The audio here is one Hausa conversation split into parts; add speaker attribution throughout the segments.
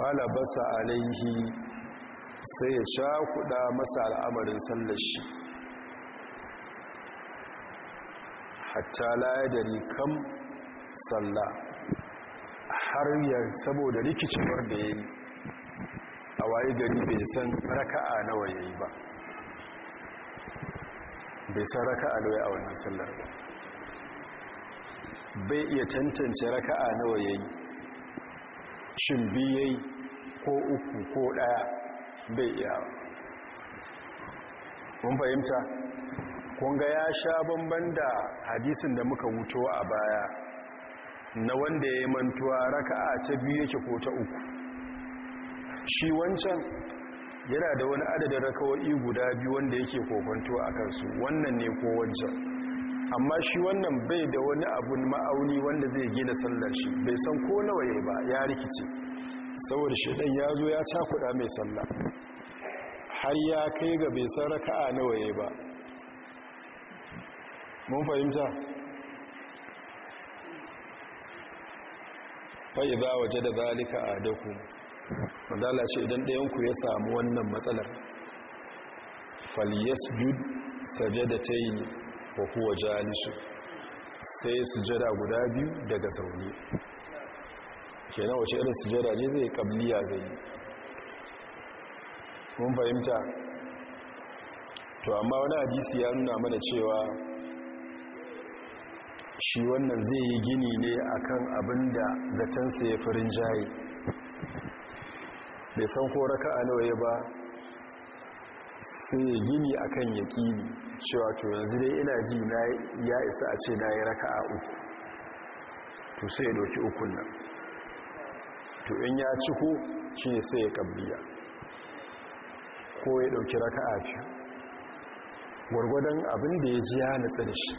Speaker 1: falabasa alaihi sai ya sha kuɗa masa al'amarin sallar shi hatta laye da rikam salla har yar saboda rikicewar da ya yi a waye gari bai san raka'a nawa ya ba bai san raka'a nawa a wannan sallar ba bai iya tantance raka'a nawa ya yi shin biyayi ko uku ko ɗaya bai iya mun fahimta Kun ga ya sha banban da hadisin da muka wuto a baya na wanda ya yi mantuwa raka'a ta biyu yake ko ta uku shi wancan yana da wani adadin raka'o'i guda biyu wanda yake kokonto a kansu wannan ne ko wancan amma shi wannan bai da wani abun ma'auni wanda zai gina sallar shi bai san ko nawa yayi ba ya rikice saboda shedan ya zo ya cakuda mai sallah har ya kai ga bai san raka'a nawa yayi ba mun fahimta fa waje da zalika a daku wadala ce idan ɗayan ku ya samu wannan matsalar falyasjud ne. wa kuwa sai sujada guda biyu daga zaune kenan wace irin sujada ne zai kabliya zai yi mun fahimta to amma wani hadisi ya nuna mana cewa shi wannan zai yi gini ne akan abin da zatensa ya fi rinjaye bai san ko raka nawa ya ba sai gini akan yaƙini cewa to yanzu dai ina ji ya isa a ce na yi raka a uku to sai ya doki ukun nan to in ya ciko shi ne sai ya kabbiya ko ya dauki raka a biyu gwargwadon abin da ya ji ya nutsa da shi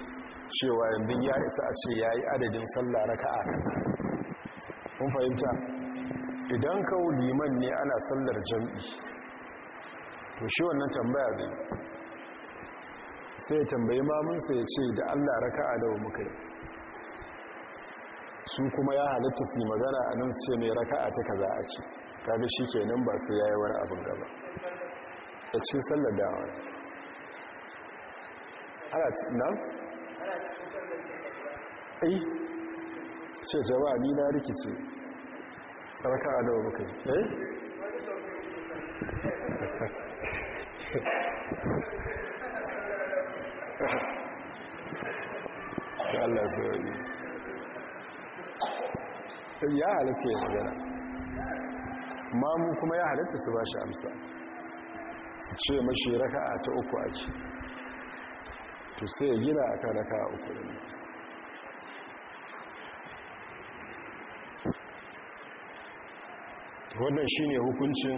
Speaker 1: cewa yanzu ya isa a ce ya yi adadin sallah raka a kun fahimta idan kawo liman ne ana sallar jam'i to shi wannan tambaya zai sai ya tambayi mamunsa ya ce da allah raka'a da muka yi su kuma ya halitta su magana a nan su ce mai raka'a ta kaza a ce kaga shi ke nan ba sai ya wani abin gaba a ci sallar dawa ana nan? Eh. ai ce jama'a ni na rikici raka'a da muka yi eh? ta Allah sauri mamu kuma ya halitta su ba shi amsa su ce mashi a ta uku ake to sai gina a kan a uku ne wannan shine hukuncin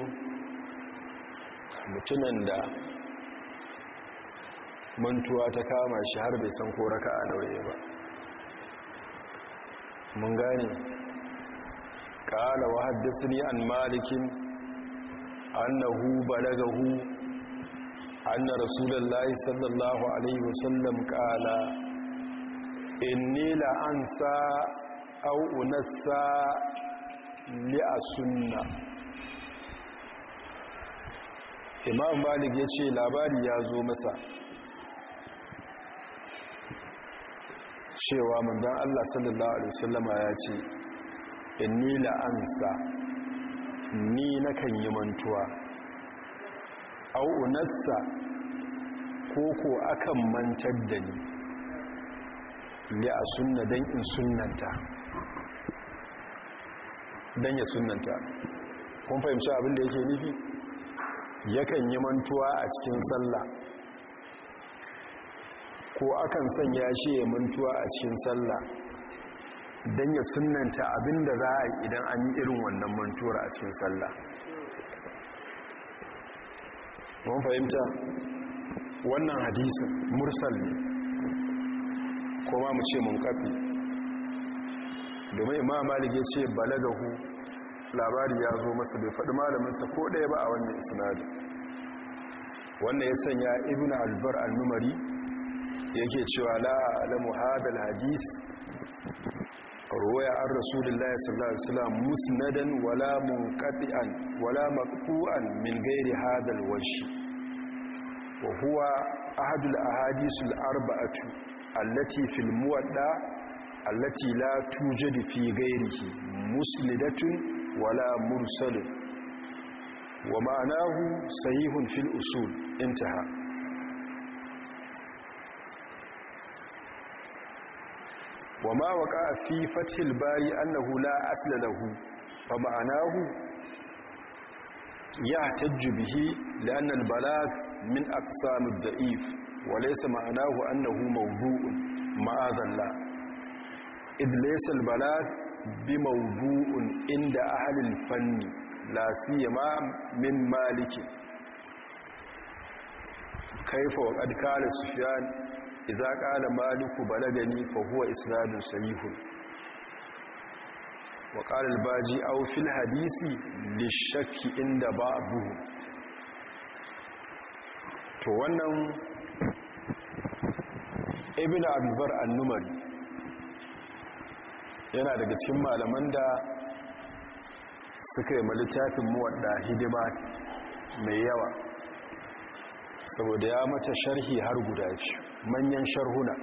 Speaker 1: mutumin da mantuwa ta kama shi har bai san ko raka a nauye ba mun gane ƙala wa haddasa ni an malikin annahu balagahu anna rasulullahi sallallahu alaihi wasallam ƙala inni la'ansa au unassa li a sunna imam malik ya ce labari ya zo masa cewa manzon Allah sallallahu alaihi wasallama ya ce ni la'ansa ni nakan yi mantuwa Au'unarsa ko koko akan mantar da ni li a sunna dan in sunanta don ya sunanta kun fahimci abin da yake nufi yakan yi mantuwa a cikin sallah ko akan sanya shi ya mantuwa a cikin sallah don ya sunanta abin da za a idan an yi irin wannan mantuwar a cikin sallah mun fahimta wannan hadisin mursal ne kuma mu ce mun kafi domin imam malik ya ce balagahu labari ya zo masa bai faɗi malaminsa ko ɗaya ba a wannan isnadi wannan ya sanya ibn albar al-numari yake cewa la alamu hadal hadis ruwaya an rasulullahi sallallahu alaihi wasallam musnadan wala munqati'an wala maqtu'an min ghairi hadal wajh wa huwa ahadul ahadisul arba'atu allati fil muwatta allati la tujadu fi ghairihi musnadatun wala mursalun wa ma'nahu sahihun fil usul intaha wa ma a fi fathil bari annahu la asla lahu fa ma'anahu ya bihi li'an balagh min aqsam daif wa laysa ma'anahu annahu mawdu'un ma'adalla id laysa al-balagh bi mawdu'un inda ahli al-fanni la siyama min maliki kaifa wa qad kana sufyan iza ƙala maliku balagani fa huwa isnadun sahihun wa ƙala albaji aw hadisi li inda ba abuhu to wannan ibnu abdulbar annumari yana daga cikin malaman da suka yi littafin muwadda hidima mai yawa saboda ya mata sharhi har guda biyu manyan sharhuna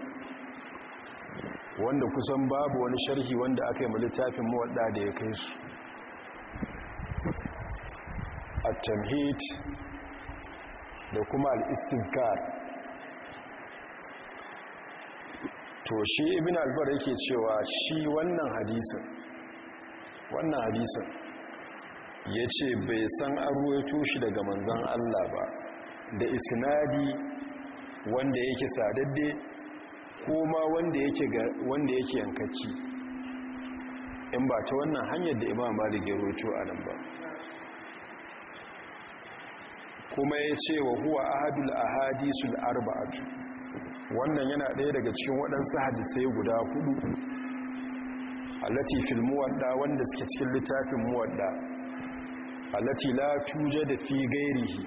Speaker 1: wanda kusan babu wani sharhi wanda aka yi littafin muwadda da ya kai su a tamhid da kuma al'istinkar to shi ibn albar yake cewa shi wannan hadisin wannan hadisun ya ce bai san an shi daga manzan allah ba da isnadi wanda yake sadadde ko ma wanda yake wanda yake in ba ta wannan hanyar da imam malik ya roco a nan ba kuma ya ce wa huwa ahadul ahadisul arba'atu wannan yana ɗaya daga cikin waɗansu hadisai guda hudu Lati fil muwadda wanda suke cikin littafin muwadda Lati la da fi gairihi.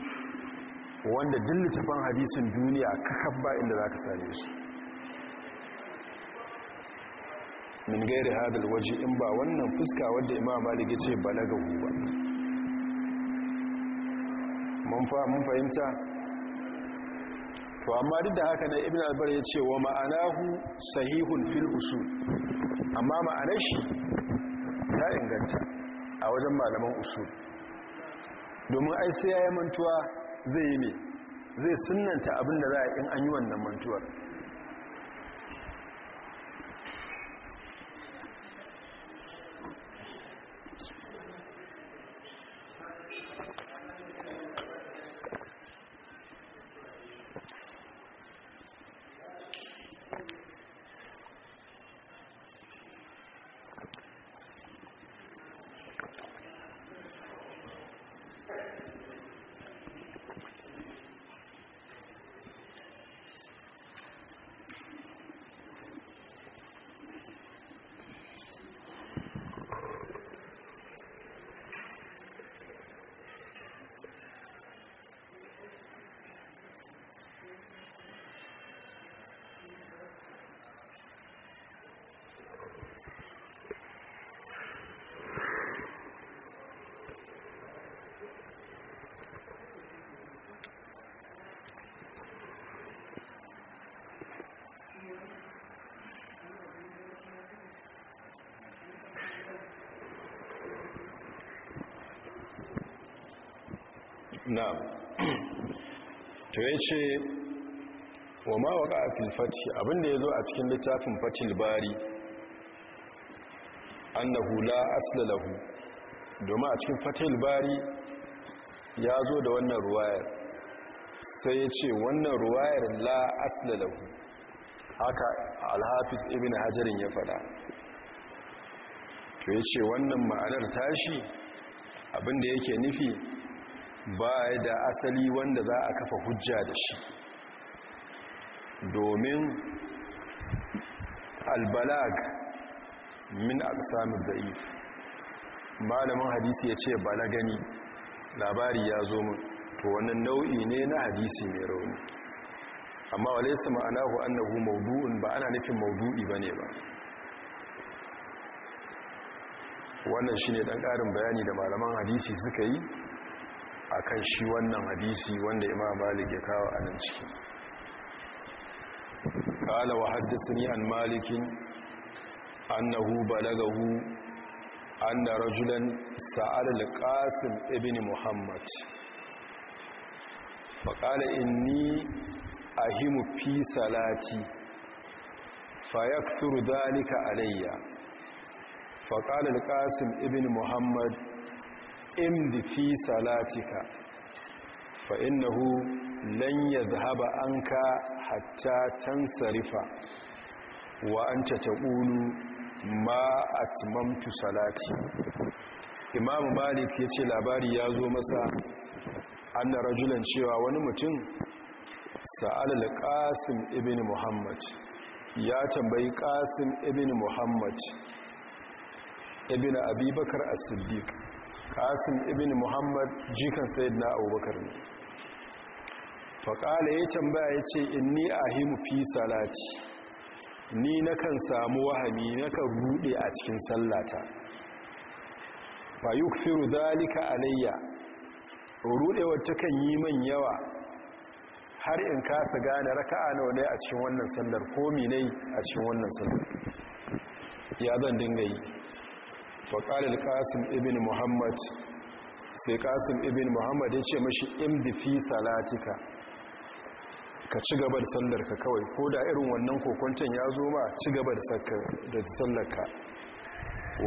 Speaker 1: wanda duk tafan hadisin duniya kakab ba inda za ka same su min gairi hadal waje in ba wannan fuska wadda imam malik ya ce balaga ba mun fahimta to amma duk da haka na ibn albar ya ce wa ma'anahu sahihun fil usul amma ma'anar shi ta inganta a wajen malaman usul domin ai sai ya yi mantuwa zai yi ne zai sunanta abin da za a yi in an yi wannan mantuwar to ya ce wa ma waka a filfati abinda ya zo a cikin littafin fatil bari annahu la asla lahu domin a cikin fatil bari ya zo da wannan ruwayar sai ya ce wannan ruwayar la asla haka Alhafi ibn hajarin ya fada to ya ce wannan ma'anar tashi abinda yake nufi ba da asali wanda za a kafa hujja da shi domin albalag min aksamin da'i malamin hadisi ya ce balagani labari ya zo mu to wannan nau'i ne na hadisi mai rauni amma ma'ana ku annahu maudu'un ba ana nufin maudu'i ne ba wannan shi ne ɗan ƙarin bayani da malaman hadisi suka yi kan shi wannan hadisi wanda imam malik ya kawo a nan ciki kala wa haddathani an malik annahu balagahu anna rajulan Sa'ar al-qasim ibn muhammad fa qala inni ahimu fi salati fa yakthuru dhalika alayya fa qala al-qasim ibn muhammad imdi fi salatika fa innahu lan yadhhaba anka hatta tansarifa wa anta taqulu ma atmamtu salati imam malik yace labari ya zo masa anna rajulan cewa wani mutum sa'al al-qasim ibn muhammad ya tambayi qasim ibn muhammad ibn abubakar as-siddiq Kasim ibn muhammad jikan na abubakar ne faƙala ya tambaya ya ce inni ahimu fi salati ni na nakan samu na kan rude a cikin sallata Ba yi yukfiru dhalika alayya wata kan yi man yawa har in kasa gane raka nawa ne a cikin wannan sallar ko ne a cikin wannan sallar ya zan dinga yi faƙalil ƙasim ibn muhammad sai ƙasim ibn muhammad ya ce mashi in fi salatika ka ci gaba da sallarka kawai ko da irin wannan kokonton ya zo ma ci gaba da sallarka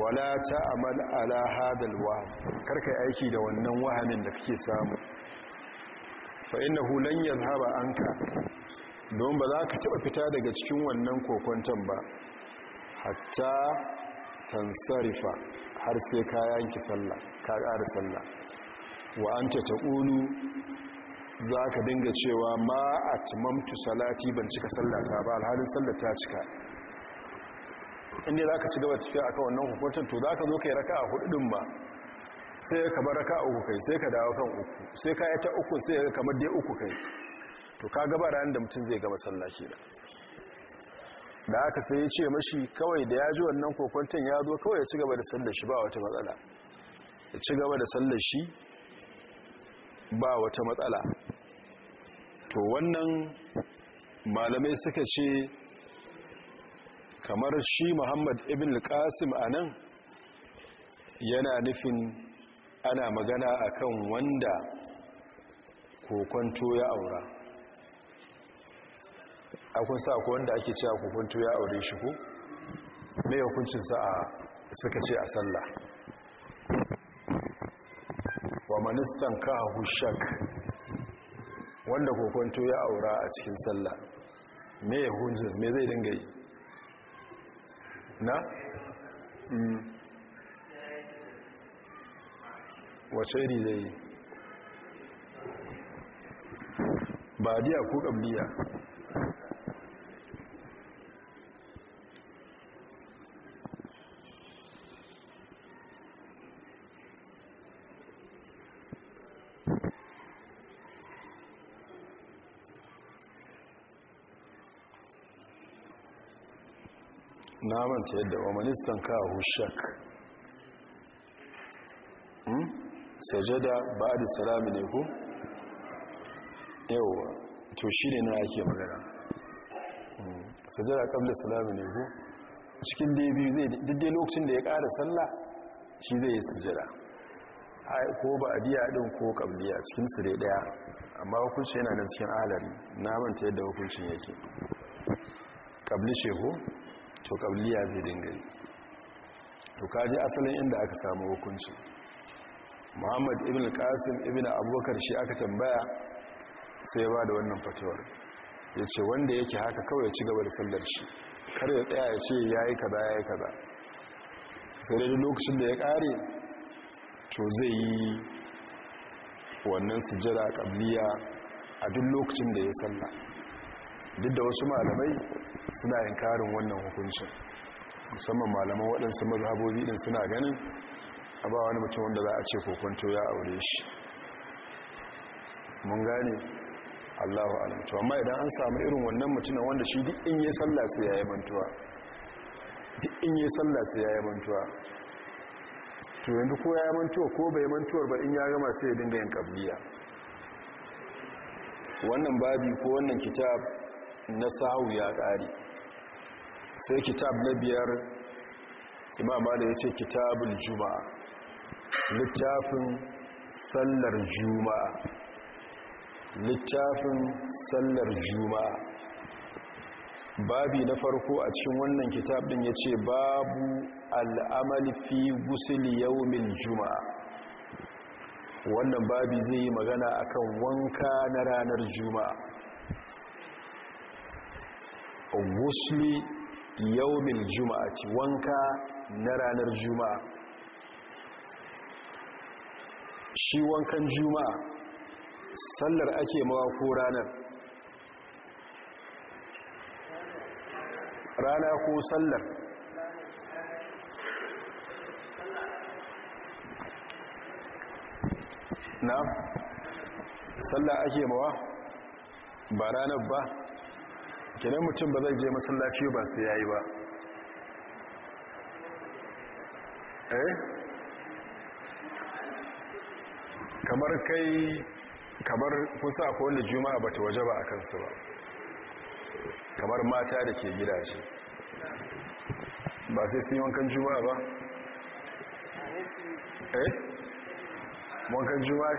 Speaker 1: wala ta amal ala hadal waham karka aiki da wannan wahamin da kake samu fa hulan lan an anka don ba za ka taɓa fita daga cikin wannan kokonton ba hatta tansarifa har sai ka yanki sallah ka ƙara sallah wa an ta taƙulu za ka dinga cewa ma a tumamtu salati ban cika sallata ba alhalin ta cika inda za ka shiga tafiya a kawon nan hukuncin to za ka zo ka yi raka a hudun ba sai ka bar raka uku kai sai ka dawo kan uku sai ka yi ta uku sai ka kamar dai uku kai to ka gaba ranar da mutum zai gaba sallah shi da aka sai ya ce mashi kawai da ya ji wannan kokwanton ya zo kawai ya ci gaba da sallar shi ba wata matsala ya ci gaba da sallar shi ba wata matsala to wannan malamai suka ce kamar shi muhammad ibn al a nan yana nufin ana magana akan wanda kokwanto ya aura a kun sa ku wanda ake cewa kukuntu ya aure shi ku? mai sa a suka ce a sallah wa manistan ka hushak wanda kokonto ya aura a cikin sallah me hukuncin mai me zai dinga yi na? Mm. wace iri zai yi ba diya ko ƙabliya na manta yadda wa manistan kawo shak hmm? sajada ba da salami ne ko yawwa to shi ne na ake magana hmm. sajada kabla salami ne ko cikin dai biyu zai daidai lokacin da ya kara sallah shi zai yi sujada ko ba a biya ɗin ko kabliya cikin su dai ɗaya amma hukunci yana nan cikin alari na manta yadda hukuncin yake kabli shehu to kabliya zai dinga to kaji asalin inda aka samu hukunci muhammad ibn qasim ibn abubakar shi aka tambaya sai ya bada wannan fatawar ya ce wanda yake haka kawai ya ci gaba da sallar shi kar ya tsaya ya ce ya yi kaza ya yi kaza sai dai lokacin da ya kare to zai yi wannan sujjada qabliya a duk lokacin da ya sallah duk da wasu malamai suna karin wannan hukuncin musamman malaman waɗansu mazhabobi din suna ganin a ba wani mutum wanda za a ce kokonto ya aure shi mun gane allahu alam amma idan an samu irin wannan mutumin wanda shi duk in yi sallah su ya yi mantuwa duk in yi sallah su ya yi mantuwa to yanzu ko ya yi mantuwa ko bai mantuwar ba in ya gama sai ya dinga yin kabliya wannan babi ko wannan kitab na sahu ya ƙari sai kitab na biyar imama da ya ce kitabul juma'a littafin sallar juma'a littafin sallar juma'a babi na farko a cikin wannan kitab din ya ce babu al'amali fi gusuli yaumin juma'a wannan babi zai yi magana akan wanka na ranar juma'a gusli yaumin juma'a ci wanka na ranar juma'a shi wankan juma'a sallar ake mawa ko ranar rana ko sallar na sallar ake mawa ba ranar ba kenan mutum ba zai je masallaci ba sai ya yi ba eh kamar kai kamar kusa ko wanda juma'a bata waje ba a kansu ba kamar mata da ke gidaje ba sai sun yi wankan juma'a ba eh wankan juma'a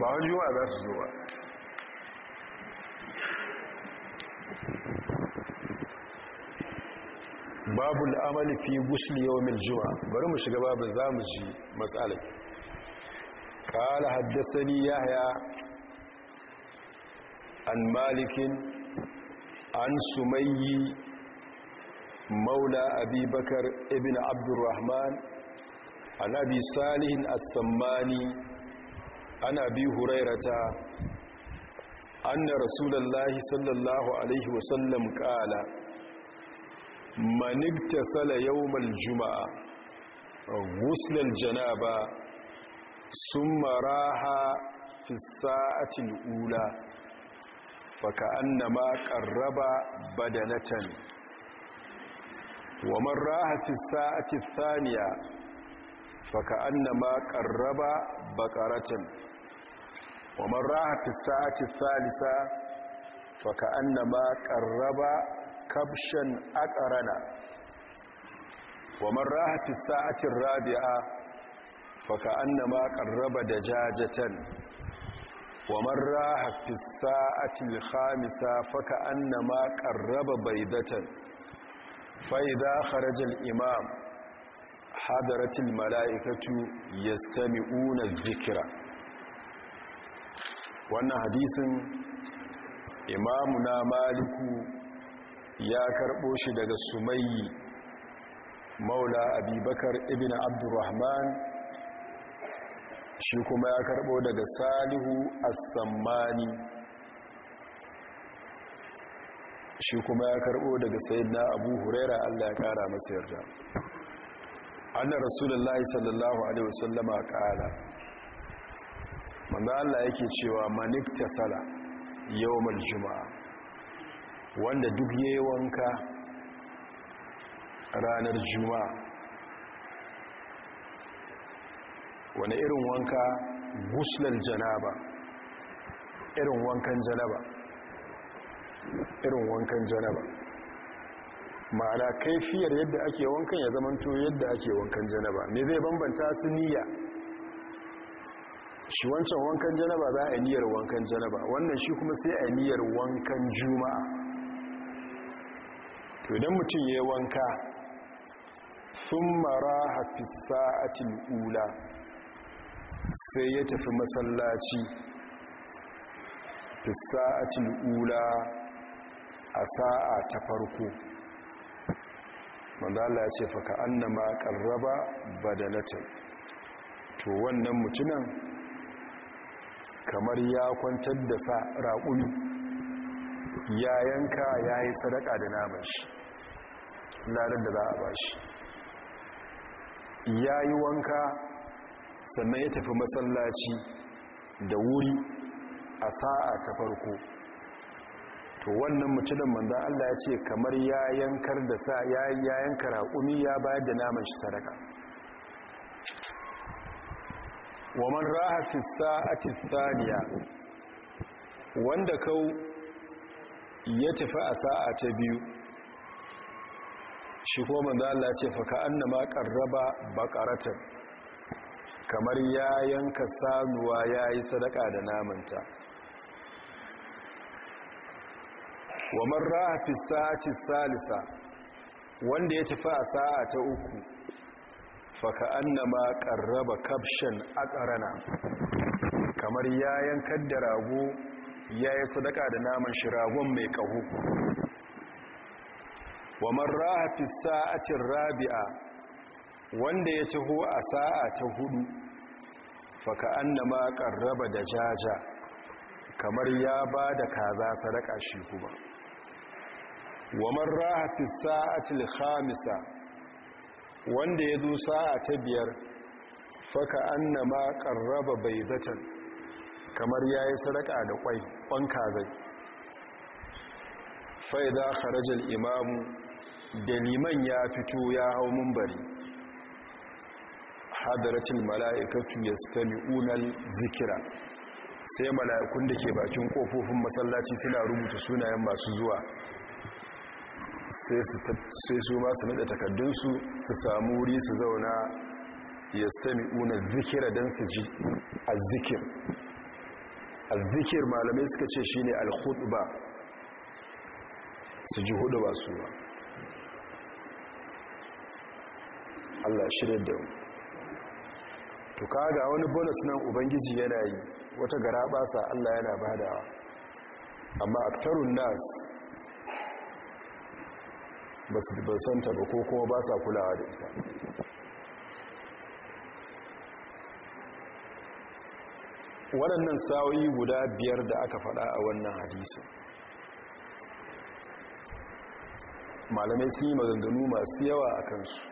Speaker 1: ba wani juma'a za su zo ba babu al’amali fi gusli yau mil juma bari mu shiga babu za mu ji matsalai ƙala haddasa ni ya an malikin an sumayi maula abubakar ibn abdurrahman an abi salihin asammani an abi hurairata an na rasulallah sallallahu alaihi wasallam ƙala manigta sala yawmal juma'a guslal janaba sun maraha fi sa'atin ula faka ma ƙarraba badanatan wa man raha fi sa'atin thaniya faka ma ƙarraba bakaratan wa man fi sa'atin thalisa faka ma ƙarraba kabshan aqrana wa man raha rabi'a fa ka'annama qarraba dajajatan wa man raha fi khamisa fa ka'annama qarraba baydatan fa idha kharaja al-imam hadaratil mala'ikatu yastami'una adh-dhikra wannan hadisin imamuna maliku ya karɓo shi daga sumayi maula abubakar ibn abdurrahman shi kuma ya karɓo daga salihu as-sammani shi kuma ya karɓo daga sayyidina abu huraira allah ya kara masa yarda anna rasulullahi sallallahu alaihi wasallama kala manzo allah yake cewa maniktasala yawmal juma'a wanda duk ya yi wanka ranar juma'a wani irin wanka guslar janaba irin wankan janaba irin wankan janaba ma'ana kaifiyar yadda ake wankan ya zamanto yadda ake wankan janaba me zai bambanta su niyya shi wancan wankan janaba za a yi niyyar wankan janaba wannan shi kuma sai a yi niyyar wankan juma'a to idan mutum ya yi wanka sun mara hafi sa'atin ula sai ya tafi masallaci fi sa'atin ula a sa'a ta farko manzala ya ce faka annama karraba badanatin to wannan mutunan kamar ya kwantar da sa raƙumi ya yanka ya yi sadaka da naman shi ladar da za a ba shi. ya yi wanka sannan ya tafi masallaci da wuri a sa'a ta farko to wannan mutumin manza Allah ya ce kamar ya yankar da sa ya yankar haƙumi ya bayar da naman shi sadaka wa man raha fi sa'ati thaniya wanda kau ya tafi a sa'a ta biyu shi ko manzo Allah ce fa ka'annama qarraba baqaratan kamar ya yanka sanuwa yayi sadaka da namanta wa man ra'a fi sa'ati salisa wanda ya tafi a sa'a ta uku fa ka'annama qarraba kabshan aqrana kamar ya yankar da rago yayi sadaka da naman shi ragon mai kaho wa marraha fi sa'atin rabi'a wanda ya taho a sa'a ta hudu ka annama qarraba da jaja kamar ya ba da kaza sadaka shi kuma wa marraha fi sa'atil khamisa wanda ya zo sa'a ta biyar ka annama qarraba baydatan kamar yayi sadaka da kwai kwan kaza fa idza kharaja al imamu da liman ya fito ya hau mumbari hadaratul mala'ikatu yastami'una zikira sai mala'ikun da ke bakin kofofin masallaci suna rubuta sunayen masu zuwa sai su ma su nada takaddunsu su samu wuri su zauna yastami'una zikira don su ji azzikir azzikir malamai suka ce shine al ba, su ji hudu ba su ba Allah shirya da mu to kaga wani bonus nan ubangiji yana yi wata gara basa Allah yana badawa amma aktarun nas ba su ta ba ko kuma ba sa kulawa da ita waɗannan sa'o'i guda biyar da aka faɗa a wannan hadisun malamai sun yi maganganu masu yawa a kansu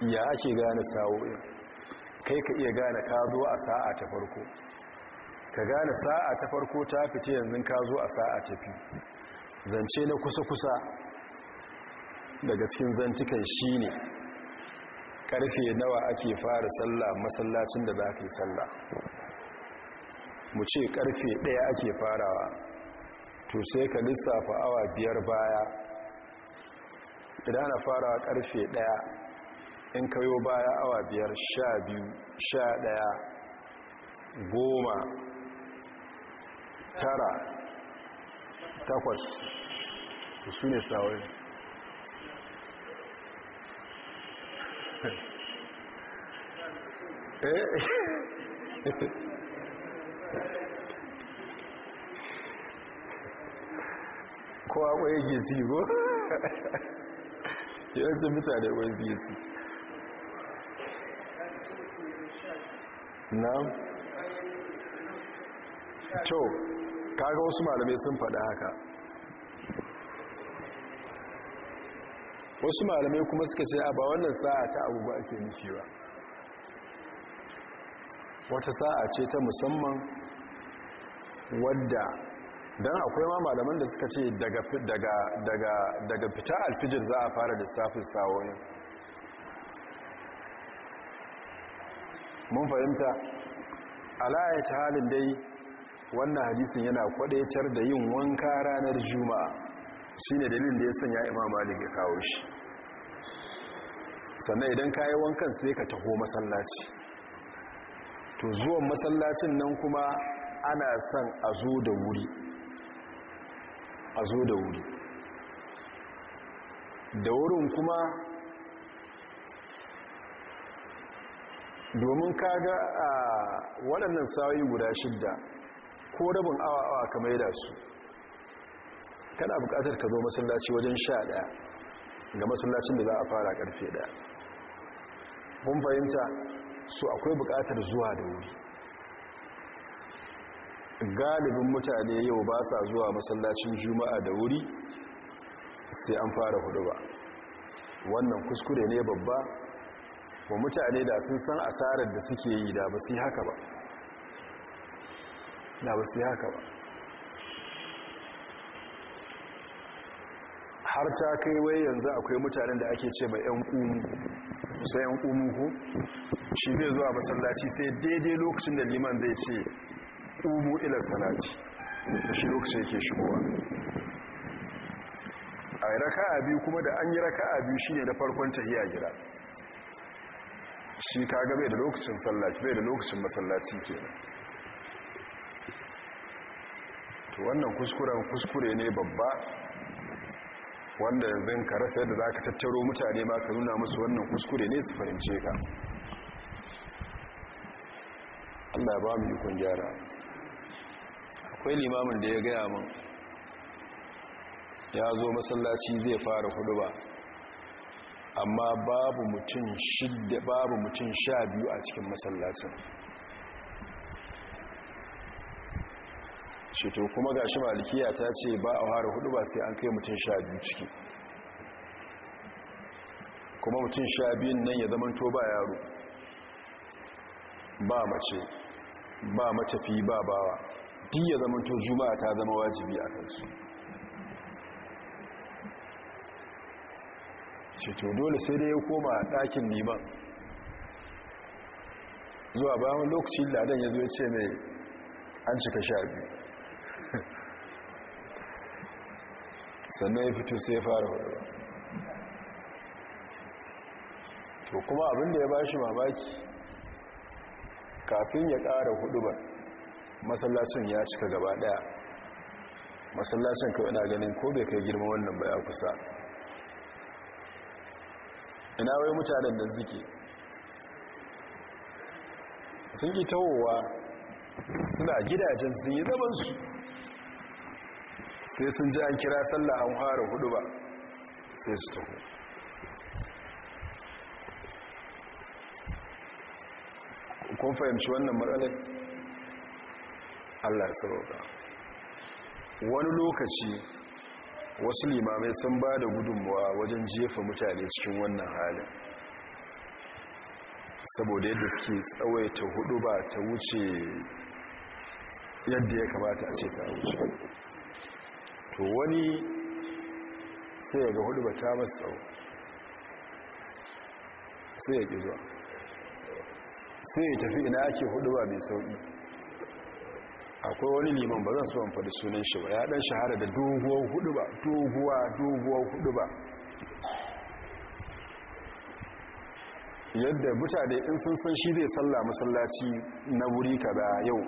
Speaker 1: ya ake gane sa'o'in kai ka iya gane ka zo a sa'a ta farko ka gane sa'a ta farko ta fice yanzu ka zo a sa'a ta fi zance na kusa-kusa daga cikin zantukan shi ne karfe nawa ake fara sallah masallacin da za ka yi sallah mu ce karfe ɗaya ake farawa to sai ka lissafa awa biyar baya idan na farawa karfe ɗaya in kayo baya awa biyar sha biyu sha ɗaya goma tara takwas su ne sawai kowa kwaye gizi ko yanzu mutane kwaye gizi na to kaga wasu malamai sun faɗa haka wasu malamai kuma suka ce a ba wannan sa'a ta abubuwa ake nufi ba wata sa'a ce ta musamman wadda don akwai ma malaman da suka ce daga fita alfijir za a fara da safin sawon mun fahimta ala'ayyar halin dai wannan hadisin yana kwadaitar da yin wanka ranar juma'a shine dalilin da ya sanya imam malik ya kawo shi sannan idan kayi yi wankan sai ka taho masallaci to zuwan masallacin nan kuma ana son a zo da wuri a zo da wuri da wurin kuma domin kaga a waɗannan sawayi guda shidda ko rabin awa-awa kamar maida su kana buƙatar ka zo masallaci wajen sha ɗaya ga masallacin da za a fara ƙarfe ɗaya Mun fahimta su akwai bukatar zuwa da wuri galibin mutane yau ba sa zuwa masallacin juma'a da wuri sai an fara hudu ba wannan kuskure ne babba wa mutane da sun san asarar da suke yi da ba su yi haka ba da ba su haka ba har ta kai wai yanzu akwai mutanen da ake ce mai yan ƙumu sai yan ƙumu ku shi zai zuwa masallaci sai daidai lokacin da liman zai ce ƙumu ilar salati da shi lokacin yake shigowa a raka'a biyu kuma da an yi raka'a biyu shine da farkon tahiya gida shi kaga bai da lokacin sallaci bai da lokacin masallaci ke. to wannan kuskuren kuskure ne babba wanda yanzu ka rasa yadda za ka tattaro mutane ba ka nuna musu wannan kuskure ne su fahimce ka allah ba mu kun gyara akwai limamin da ya gaya mun ya zo masallaci zai fara hudu ba amma babu mutum shidda babu mutum sha biyu a cikin masallacin to kuma ga shi malikiya ta ce ba a hara hudu ba sai an kai mutum sha biyu ciki kuma mutum sha biyun nan ya zama to ba yaro ba mace ba matafi ba bawa duk ya zama to juma'a ta zama wajibi a kansu ce to dole sai dai ya koma ɗakin liman zuwa bayan lokaci ladan ya zo ya ce mai an cika sha biyu sannan ya fito sai ya fara hudu to kuma abinda ya bashi mamaki kafin ya ƙara hudu ba masallacin ya cika gaba ɗaya masallacin kawai na ganin ko bai kai girma wannan ba kusa ina wai mutanen da suke sun yi tawowa suna gidajen sun yi zamansu sai sun ji an kira sallah an fara hudu ba sai su taho kun fahimci wannan matsalai allah ya wani lokaci wasu limamai sun ba da gudunmuwa wajen jefa mutane cikin wannan halin saboda yadda suke tsawaita hudu ba ta wuce yadda ya kamata a ce ta wuce to wani sai ya ga hudu ba ta masu tsawo sai ya ƙi zuwa sai ya tafi ina ake hudu ba mai sauƙi akwai wani liman ba zan so an faɗi sunan shi ba ya dan shahara da doguwar hudu ba doguwa doguwar hudu ba yadda mutane in sun san shi zai salla masallaci na wuri kaza yau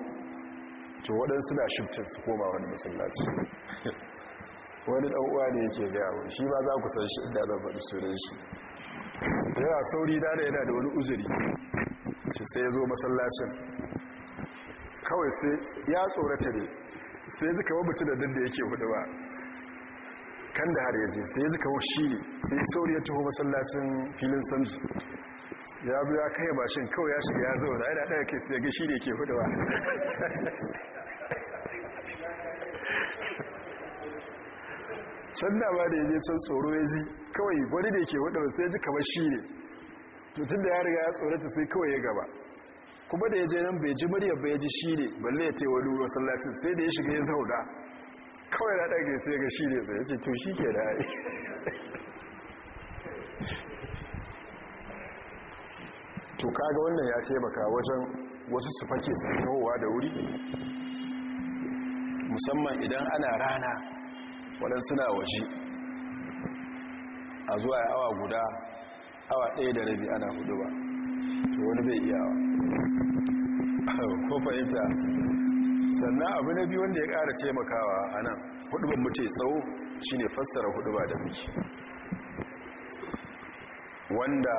Speaker 1: to waɗansu na shiftin su koma wani masallaci wani ɗan'uwa ne yake gawo shi ba za ku san shi inda zan faɗi sunan shi yana sauri da yana da wani uzuri shi sai ya zo masallacin kawai sai ya tsorata ne sai zika kawo da dadda yake hudu ba kan da har yaje sai zika ji shi ne sai sauri ya taho masallacin filin samji ya biya kai mashin kawai ya shiga ya zauna yana ɗaya ke sai ga shi ne ke hudu ba sannan ba da yaje can tsoro ya ji kawai wani da ke hudu ba sai ya ji kamar shi ne mutum da ya riga ya tsorata sai kawai ya gaba kuma da ya je nan bai ji muryar bai ji shi ne balle ya taiwa duk sallacin sai da ya shiga ya zauna kawai na ɗage sai ga shi ne bai ce to shi ke da ya to kaga wannan ya taimaka wajen wasu su fake su fitowa da wuri musamman idan ana rana waɗansu na waje a zuwa awa guda awa ɗaya da rabi ana hudu ba to wani bai iyawa ko fahimta sannan abu na biyu wanda ya ƙara taimakawa a nan hudubar mace tsawo shi ne fassara hudubar da muke wanda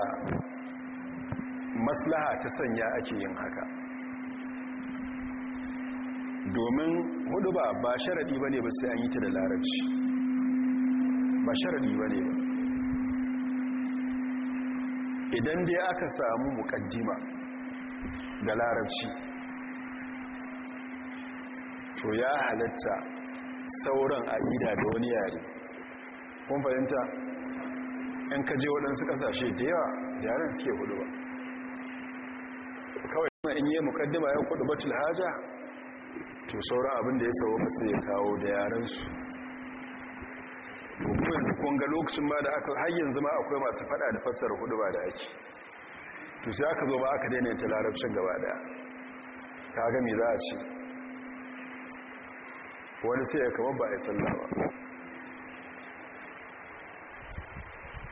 Speaker 1: maslaha ta sanya ake yin haka domin huduba ba sharaɗi ba ne ba sai an yi ta da larabci ba sharaɗi ba ne ba idan dai aka samu muƙaddima da larabci to ya halatta sauran Ida da wani yare kun fahimta in ka je waɗansu ƙasashe da yawa da yaren suke hudu ba kawai kuma in yi mukaddima yau kudu batul haja to sauran abin da ya sauwa masu ya kawo da yarensu to kun ga lokacin ba da aka hayyan zama akwai masu fada da fassara hudu ba da ake to sai aka zo ba aka daina ta larabcin gaba daya ta gami za a ce wani sai ya kama ba a yi sallawa.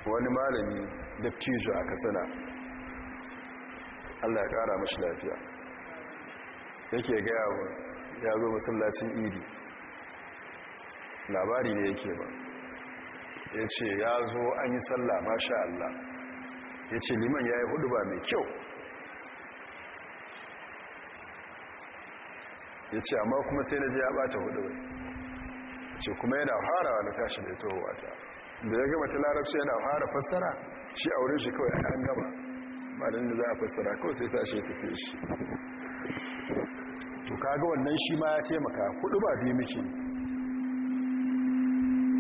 Speaker 1: wani malami da fijo a kasana allah ya kara mashi lafiya yake gaya wa ya zo masallacin idi labari ne yake ba ya ce ya zo an yi sallah masha allah ya ce liman ya yi hudu ba mai kyau ya ce amma kuma sai na ji ya bata hudu bai ce kuma yana fara na tashi da ito wata da ya gama ta larabci yana fara fassara shi a wurin shi kawai a an gama ba da za a fassara kawai sai tashi ya tafi shi to kaga wannan shi ma ya taimaka hudu ba biyu miki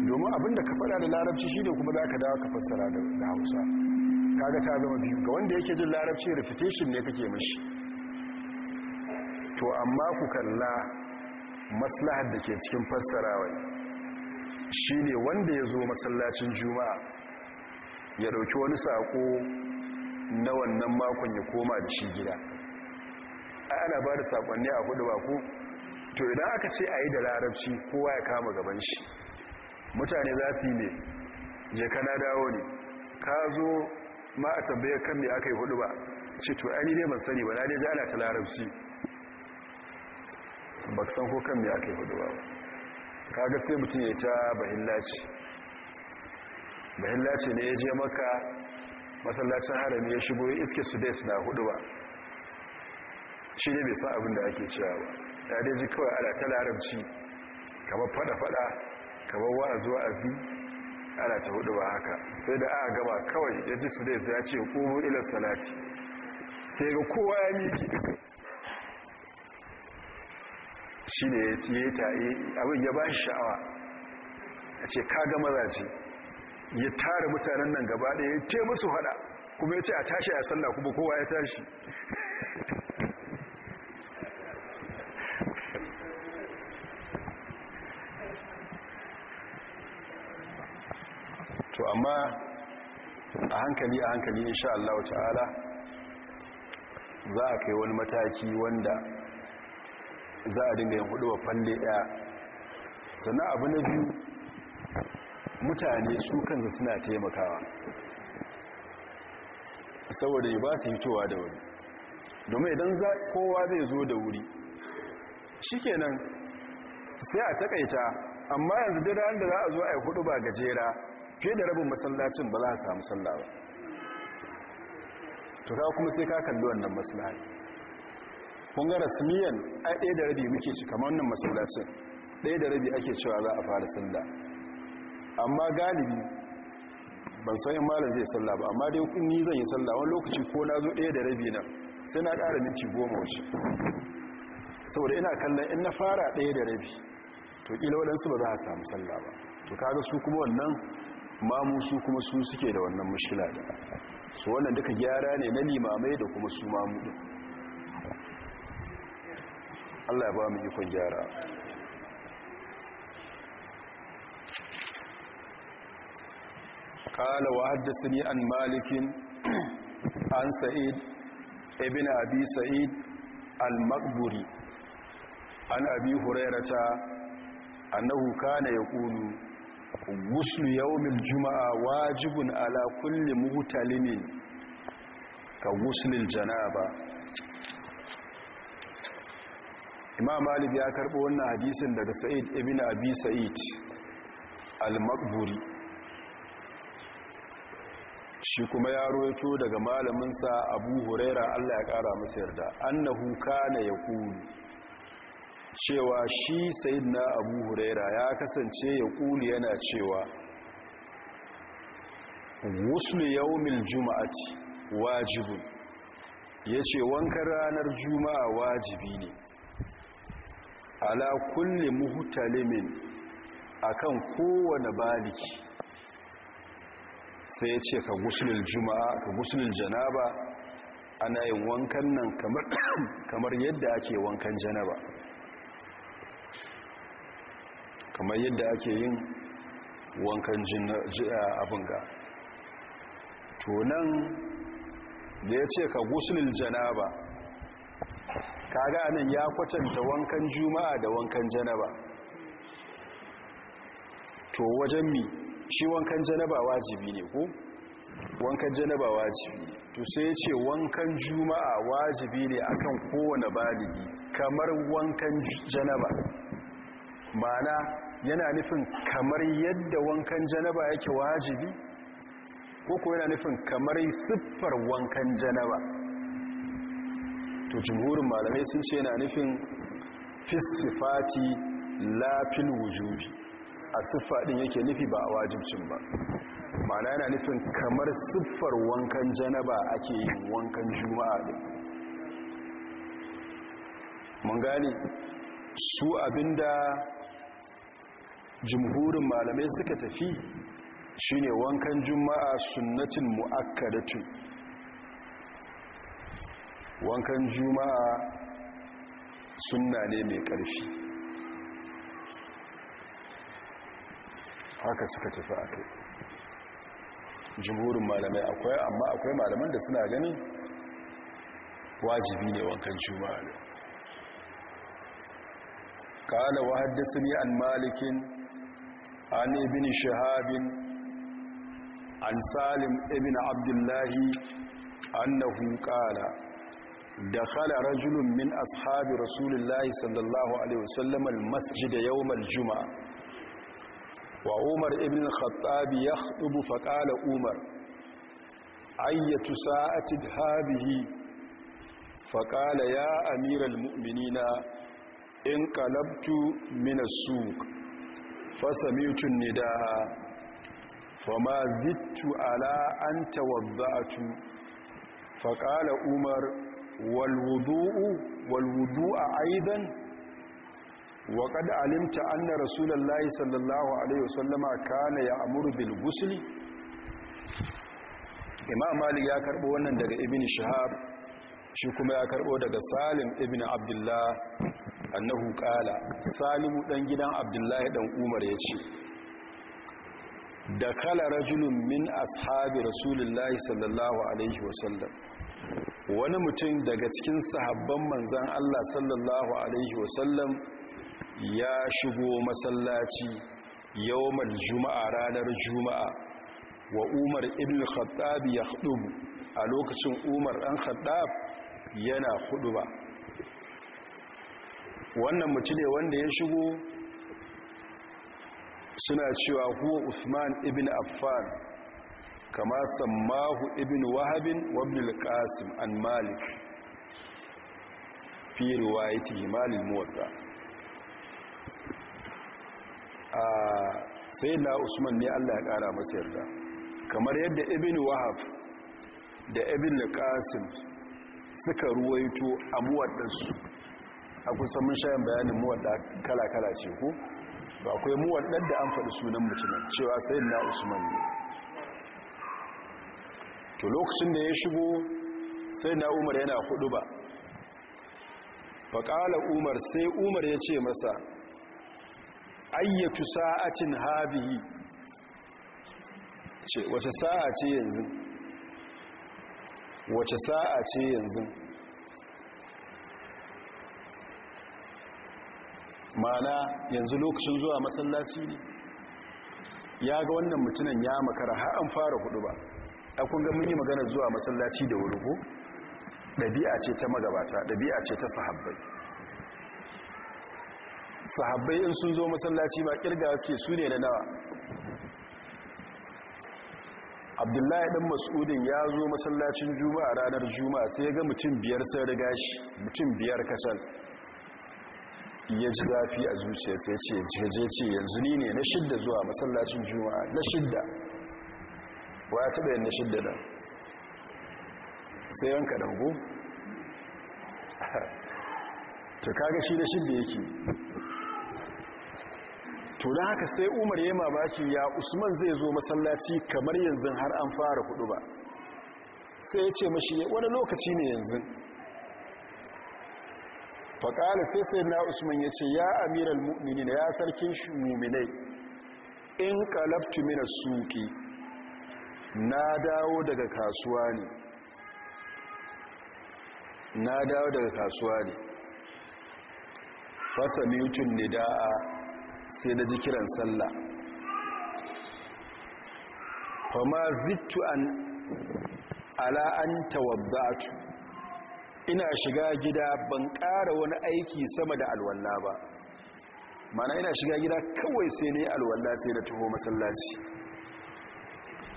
Speaker 1: domin abinda ka fada da larabci shi ne kuma za ka dawa ka fassara da hausa kaga ta zama biyu ga wanda yake jin larabci repetition ne kake mishi to amma ku kalla maslahar da ke cikin fassarawa shi ne wanda ya zo masallacin juma'a ya dauki wani sako na wannan makon ya koma da shi gida ana ba da sakonni a hudu ba ku to idan aka ce a yi da larabci kowa ya kama gaban shi mutane za su yi ne je kana dawo ne ka zo ma a tambayar kan me aka yi hudu ba ce to ani ne ban sani ba na dai jana ta larabci ba san ko kan me aka yi hudu ba kaga sai mutum ya ta bahillaci bahillaci ne ya je maka masallacin harami ya shigo ya iske su dai na hudu ba shi ne bai san abin da ake cewa ba ya dai ji kawai ala ta larabci kamar fada-fada kamar a wa'azi ana ta hudu ba haka sai da aka gaba kawai ya ji su da ya ce kubu ila salati sai ga kowa ya miki shi ne ya ta abin ya ba shi sha'awa a ce ka kaga maza ce ya tara mutanen nan gaba ɗaya ya ce musu hada kuma ya ce a tashi a sallah kuma kowa ya tashi to amma a hankali a hankali insha Allah ta'ala za a kai wani mataki wanda za a dinga yin hudu wa falle ɗaya sannan abu na biyu mutane su kansu suna taimakawa saboda ba su yi cewa da wuri domin idan kowa zai zo da wuri shikenan sai a takaita amma yanzu da ranar da za a zo a yi hudu ba gajera fiye da rabin masallacin ba za a samu sallah ba to ka kuma sai ka kalli wannan maslaha kun ga rasmiyan a ɗaya da rabi muke ci kamar wannan masallacin ɗaya da rabi ake cewa za a fara salla amma galibi ban san yin zai salla ba amma dai ni zan yi sallah wani lokaci ko na zo ɗaya da rabi nan sai na ƙara minti goma wuce saboda ina kallon in na fara ɗaya da rabi to ƙila waɗansu ba za a samu salla ba to kaga su kuma wannan ma musu kuma su suke da wannan mashila da su wannan duka gyara ne na limamai da kuma su mamu allah ba mu ikon gyara kala wa haddasa ni an malikin an sa'id ibn abi sa'id al-maqburi an abi hurairata annahu kana yaqulu guslu yawmil juma'a wajibun ala kulli muhtalimin ka guslil janaba imam malik ya karbo wannan hadisin daga sa'id ibn abi sa'id al-maqburi shi kuma ya roto daga malaminsa abu huraira Allah ya kara masa yarda annahu kana yaqulu cewa shi na abu huraira ya kasance ya kuli yana cewa wuslu yawmil juma'ati wajibun ce wankan ranar juma'a wajibi ne ala kulli muhtalimin akan kowane baliki sai ya ce ka gusulul juma'a ka gusulul janaba ana yin wankan nan kamar yadda ake wankan janaba kamar yadda ake yin wankan abin ga tunan da ya ce ka gusulil janaba kaga anan ya kwatanta wankan juma'a da wankan janaba to wajen mi shi wankan janaba wajibi ne ko wankan janaba wajibi ne to sai ya ce wankan juma'a wajibi ne akan kowane baligi kamar wankan janaba ma'ana yana nufin kamar yadda wankan janaba yake wajibi ko ko yana nufin kamar siffar wankan janaba to jumhurin malamai sun ce yana nufin fisifati lafin wujubi a siffa din yake nufi ba a wajibcin ba ma'ana yana nufin kamar siffar wankan janaba ake yin wankan juma'a din mun gane su abinda jumhurin malamai suka tafi shine wankan juma'a sunnatin mu'akkadatu wankan juma'a sunna ne mai ƙarfi haka suka tafi a kai jumhurin malamai akwai amma akwai malaman da suna ganin wajibi ne wankan juma'a ne قال وحدثني عن مالك عن ابن شهاب عن سالم ابن عبد الله أنه قال دخل رجل من أصحاب رسول الله صلى الله عليه وسلم المسجد يوم الجمعة وعمر ابن الخطاب يخطب فقال عمر أية ساعة هذه فقال يا أمير المؤمنين انقلبت من السوق fasamitun nidaha fama zittu ala an tawadda'tu faqala umar wal wudu'u wal wudu'a aidan alimta anna rasulullahi sallallahu alaihi wasallama kana ya'muru bil ghusli imam malik ya karɓo wannan daga ibn shahab shi kuma ya karɓo daga salim ibn abdullah annahu ƙala, salimu dan gidan abdullahi dan umar ya ce. da kala rajulun min ashabi rasulullahi sallallahu alaihi wasallam wani mutum daga cikin sahabban manzan Allah sallallahu alaihi wasallam ya shigo masallaci yawmal juma'a ranar juma'a wa umar ibn khattab ya a lokacin umar dan khattab yana huɗuba. wannan mutu ne wanda ya shigo suna cewa huwa usman ibn affan kama sammahu ibn wahabin wabnil qasim an malik fi riwayatihi himalin muwadda a sai na usman ne Allah ya kara masu yarda kamar yadda ibn wahab da ibn qasim suka ruwaito a ɗansu a kusan mun shayin bayanin muwadda kala-kala ce ku ba akwai muwaddar da an faɗi sunan mutumin cewa sai na usman ne to lokacin da ya shigo sai na umar yana kudu ba faƙala umar sai umar ya ce masa ayyatu sa'atin habihi wace sa'a ce yanzu wace sa'a ce yanzu mana yanzu lokacin zuwa masallaci ne ya ga wannan mutunan ya makara har an fara hudu ba a kunga mun yi magana zuwa masallaci da wuri ko ɗabi'a ce ta magabata ɗabi'a ce ta sahabbai sahabbai in sun zo masallaci ba kirga suke su ne da nawa abdullahi dan mas'udin ya zo masallacin juma'a ranar juma'a sai ya ga mutum biyar sai riga mutum biyar kasal ya ci zafi a zuciya sai ce jikaje ce yanzu ni ne na shidda zuwa masallacin juma na shidda wa ya taɓa yin na shidda nan sai yanka dango to kaga shi da shidda yake to da haka sai umar ya mamaki ya usman zai zo masallaci kamar yanzu har an fara hudu ba sai ya ce mashi wani lokaci ne yanzu faƙala sai sai na usman ya ce ya amiral mu'mini ya sarki shi muminai in kalabtu mina suki na dawo daga kasuwa ne na dawo daga kasuwa ne fasa mutum ne da'a, sai na ji kiran sallah kuma zittu an ala an ina shiga gida ban ƙara wani aiki sama da alwalla ba mana ina shiga gida kawai sai ne alwalla sai da tuho masallaci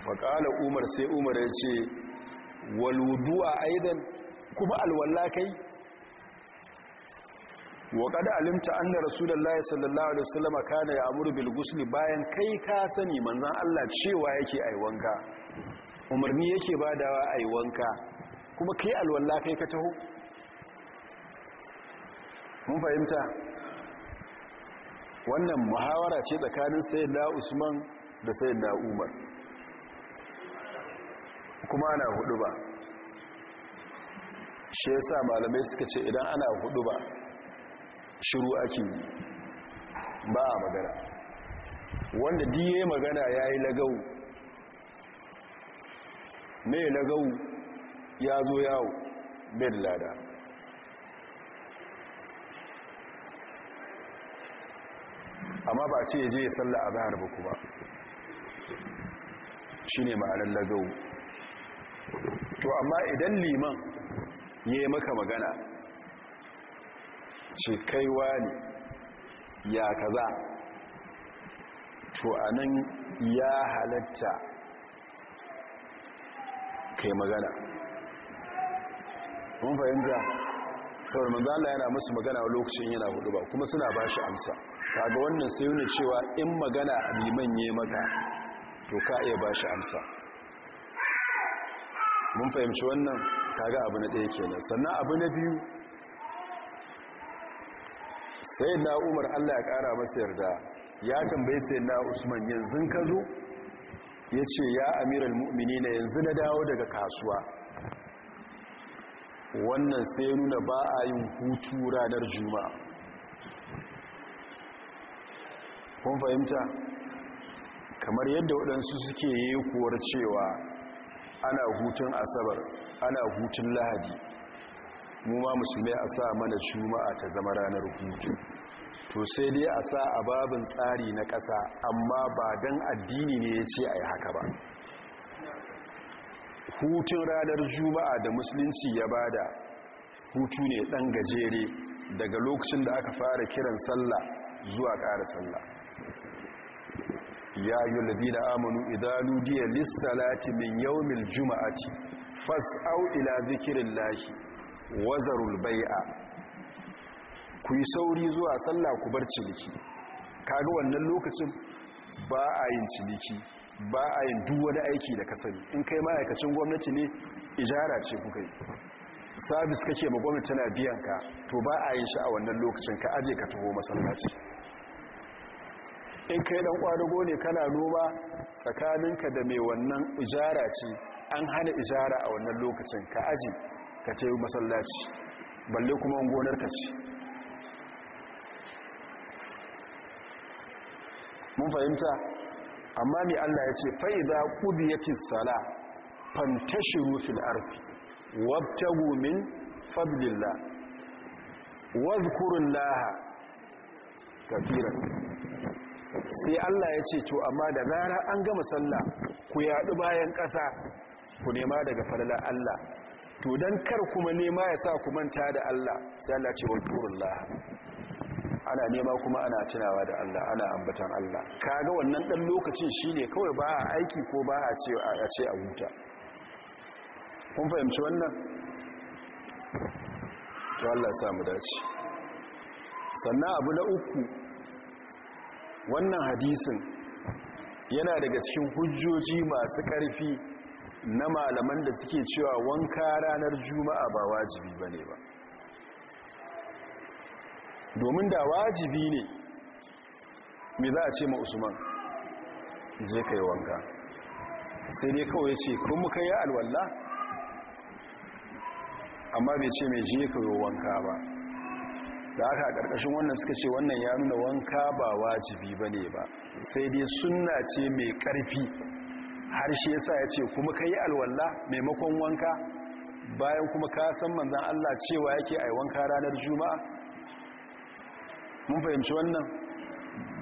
Speaker 1: faƙala umar sai umar ya ce a aidan kuma alwalla kai waƙa da alimta an da rasulallah sallallahu alaihi wasallama kana ya amuru bilgusli bayan kai ka sani manzan allah cewa yake aiwanka umarni yake badawa aiwanka kuma ke alwalla kai ka taho mun fahimta wannan muhawara ce tsakanin sayyidina usman da sayyidina umar kuma ana hudu ba shi yasa malamai suka ce idan ana hudu ba shiru ake ba a magana wanda diye magana ya yi lagau mai lagau ya zo yawo bin lada amma ba ce je ya salla a zahar ba kuma shi ne ma'anar lagau to amma idan liman ya yi maka magana ce kaiwa ne ya kaza to anan ya halatta kai magana mun fahimta saboda manzo yana musu magana a lokacin yana hudu ba kuma suna ba shi amsa kaga wannan sai yana cewa in magana liman yayi maka to ka iya ba shi amsa mun fahimci wannan kaga abu na ɗaya kenan sannan abu na biyu sai na umar Allah ya kara masa yarda ya tambaye sai na usman yanzu kazo zo ya ce ya amiral mu'mini na yanzu na dawo daga kasuwa wannan sai nuna ba a yin hutu ranar juma'a kun fahimta kamar yadda waɗansu suke yi kuwar cewa ana hutun asabar ana hutun lahadi mu ma musulmai a sa mana juma'a ta zama ranar hutu to sai dai a sa a babin tsari na ƙasa amma ba don addini ne ya ce a yi haka ba hutun ranar juma'a da musulunci ya ba da hutu ne ɗan gajere daga lokacin da aka fara kiran sallah zuwa ƙara sallah ya yi da amonu idanu diya lissalati min mil juma'ati fas'au ila zikirin lahi wazarul bai'a ku yi sauri zuwa sallah ku bar ciniki kaga wannan lokacin ba a yin ciniki ba a yin duk wani aiki da kasari in kai ma'aikacin gwamnati ne ijara ce kuka yi sabis kake ma gwamnati tana biyan ka to ba a yin shi a wannan lokacin ka aje ka taho masallaci in kai dan kwadago ne kana noma tsakaninka da mai wannan ijara ce an hana ijara a wannan lokacin ka aje ka taho masallaci balle kuma gonar ka ce mun fahimta amma mai Allah ya ce fa'iza ƙudiyatis sala fantashiru fil arfi wabtagu min fadlillah kurin laha kafiran sai Allah ya ce to amma da zara an gama sallah ku yaɗu bayan ƙasa ku nema daga falalar Allah to don kar kuma nema ya sa ku manta da Allah sai Allah ce wadhkurun laha ana nema kuma ana tunawa da Allah ana ambatan Allah kaga wannan dan lokacin shine kawai ba a aiki ko ba a ce a ce a huta kun fahimci wannan to Allah ya samu dace sannan abu na uku wannan hadisin yana daga cikin hujjoji masu ƙarfi na malaman da suke cewa wanka ranar juma'a ba wajibi bane ba domin da wajibi ne me za a ce ma usman je kai wanka sai dai kawai ce kun muka yi alwallah amma bai ce mai je kai wanka ba da haka a ƙarƙashin wannan suka ce wannan ya nuna wanka ba wajibi ba ne ba sai dai suna ce mai ƙarfi har shi yasa ya ce kuma ka yi alwalla maimakon wanka bayan kuma ka san manzan Allah cewa yake a yi wanka ranar juma'a mun fahimci wannan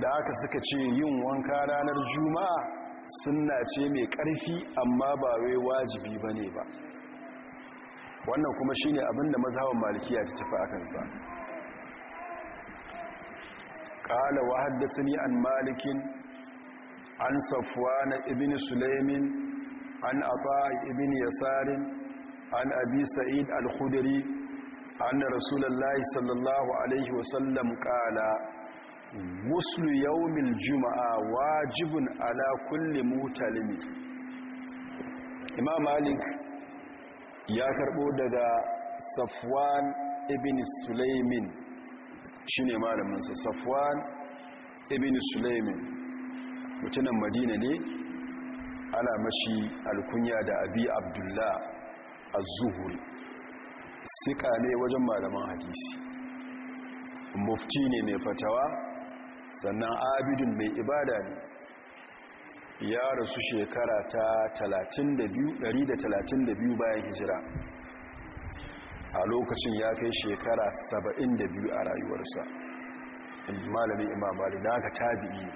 Speaker 1: da aka suka ce yin wanka ranar juma'a sunna ce mai ƙarfi amma ba wai wajibi ba ne ba wannan kuma shi ne abinda mazhaban malikiya ta tafi a kansa ƙala wa haddasa ni an malikin an safuwa na Ibin sulaimin an afa Ibin yasarin an abi sa'id al-khudari anna rasulullahi sallallahu alaihi wasallam qala muslu yawmil juma'a wajibun ala kulli mutalimi imam malik ya karbo daga safwan ibn sulaimin shine malamin sa safwan ibn sulaimin mutumin madina ne ana mashi alkunya da abi abdullah az-zuhri sika ne wajen malaman hadisi mufti ne mai fatawa sannan abidin mai ibada ne ya rasu shekara ta 32 bayan hijira a lokacin ya kai shekara 72 a rayuwarsa malamin imam malik da aka tabi'i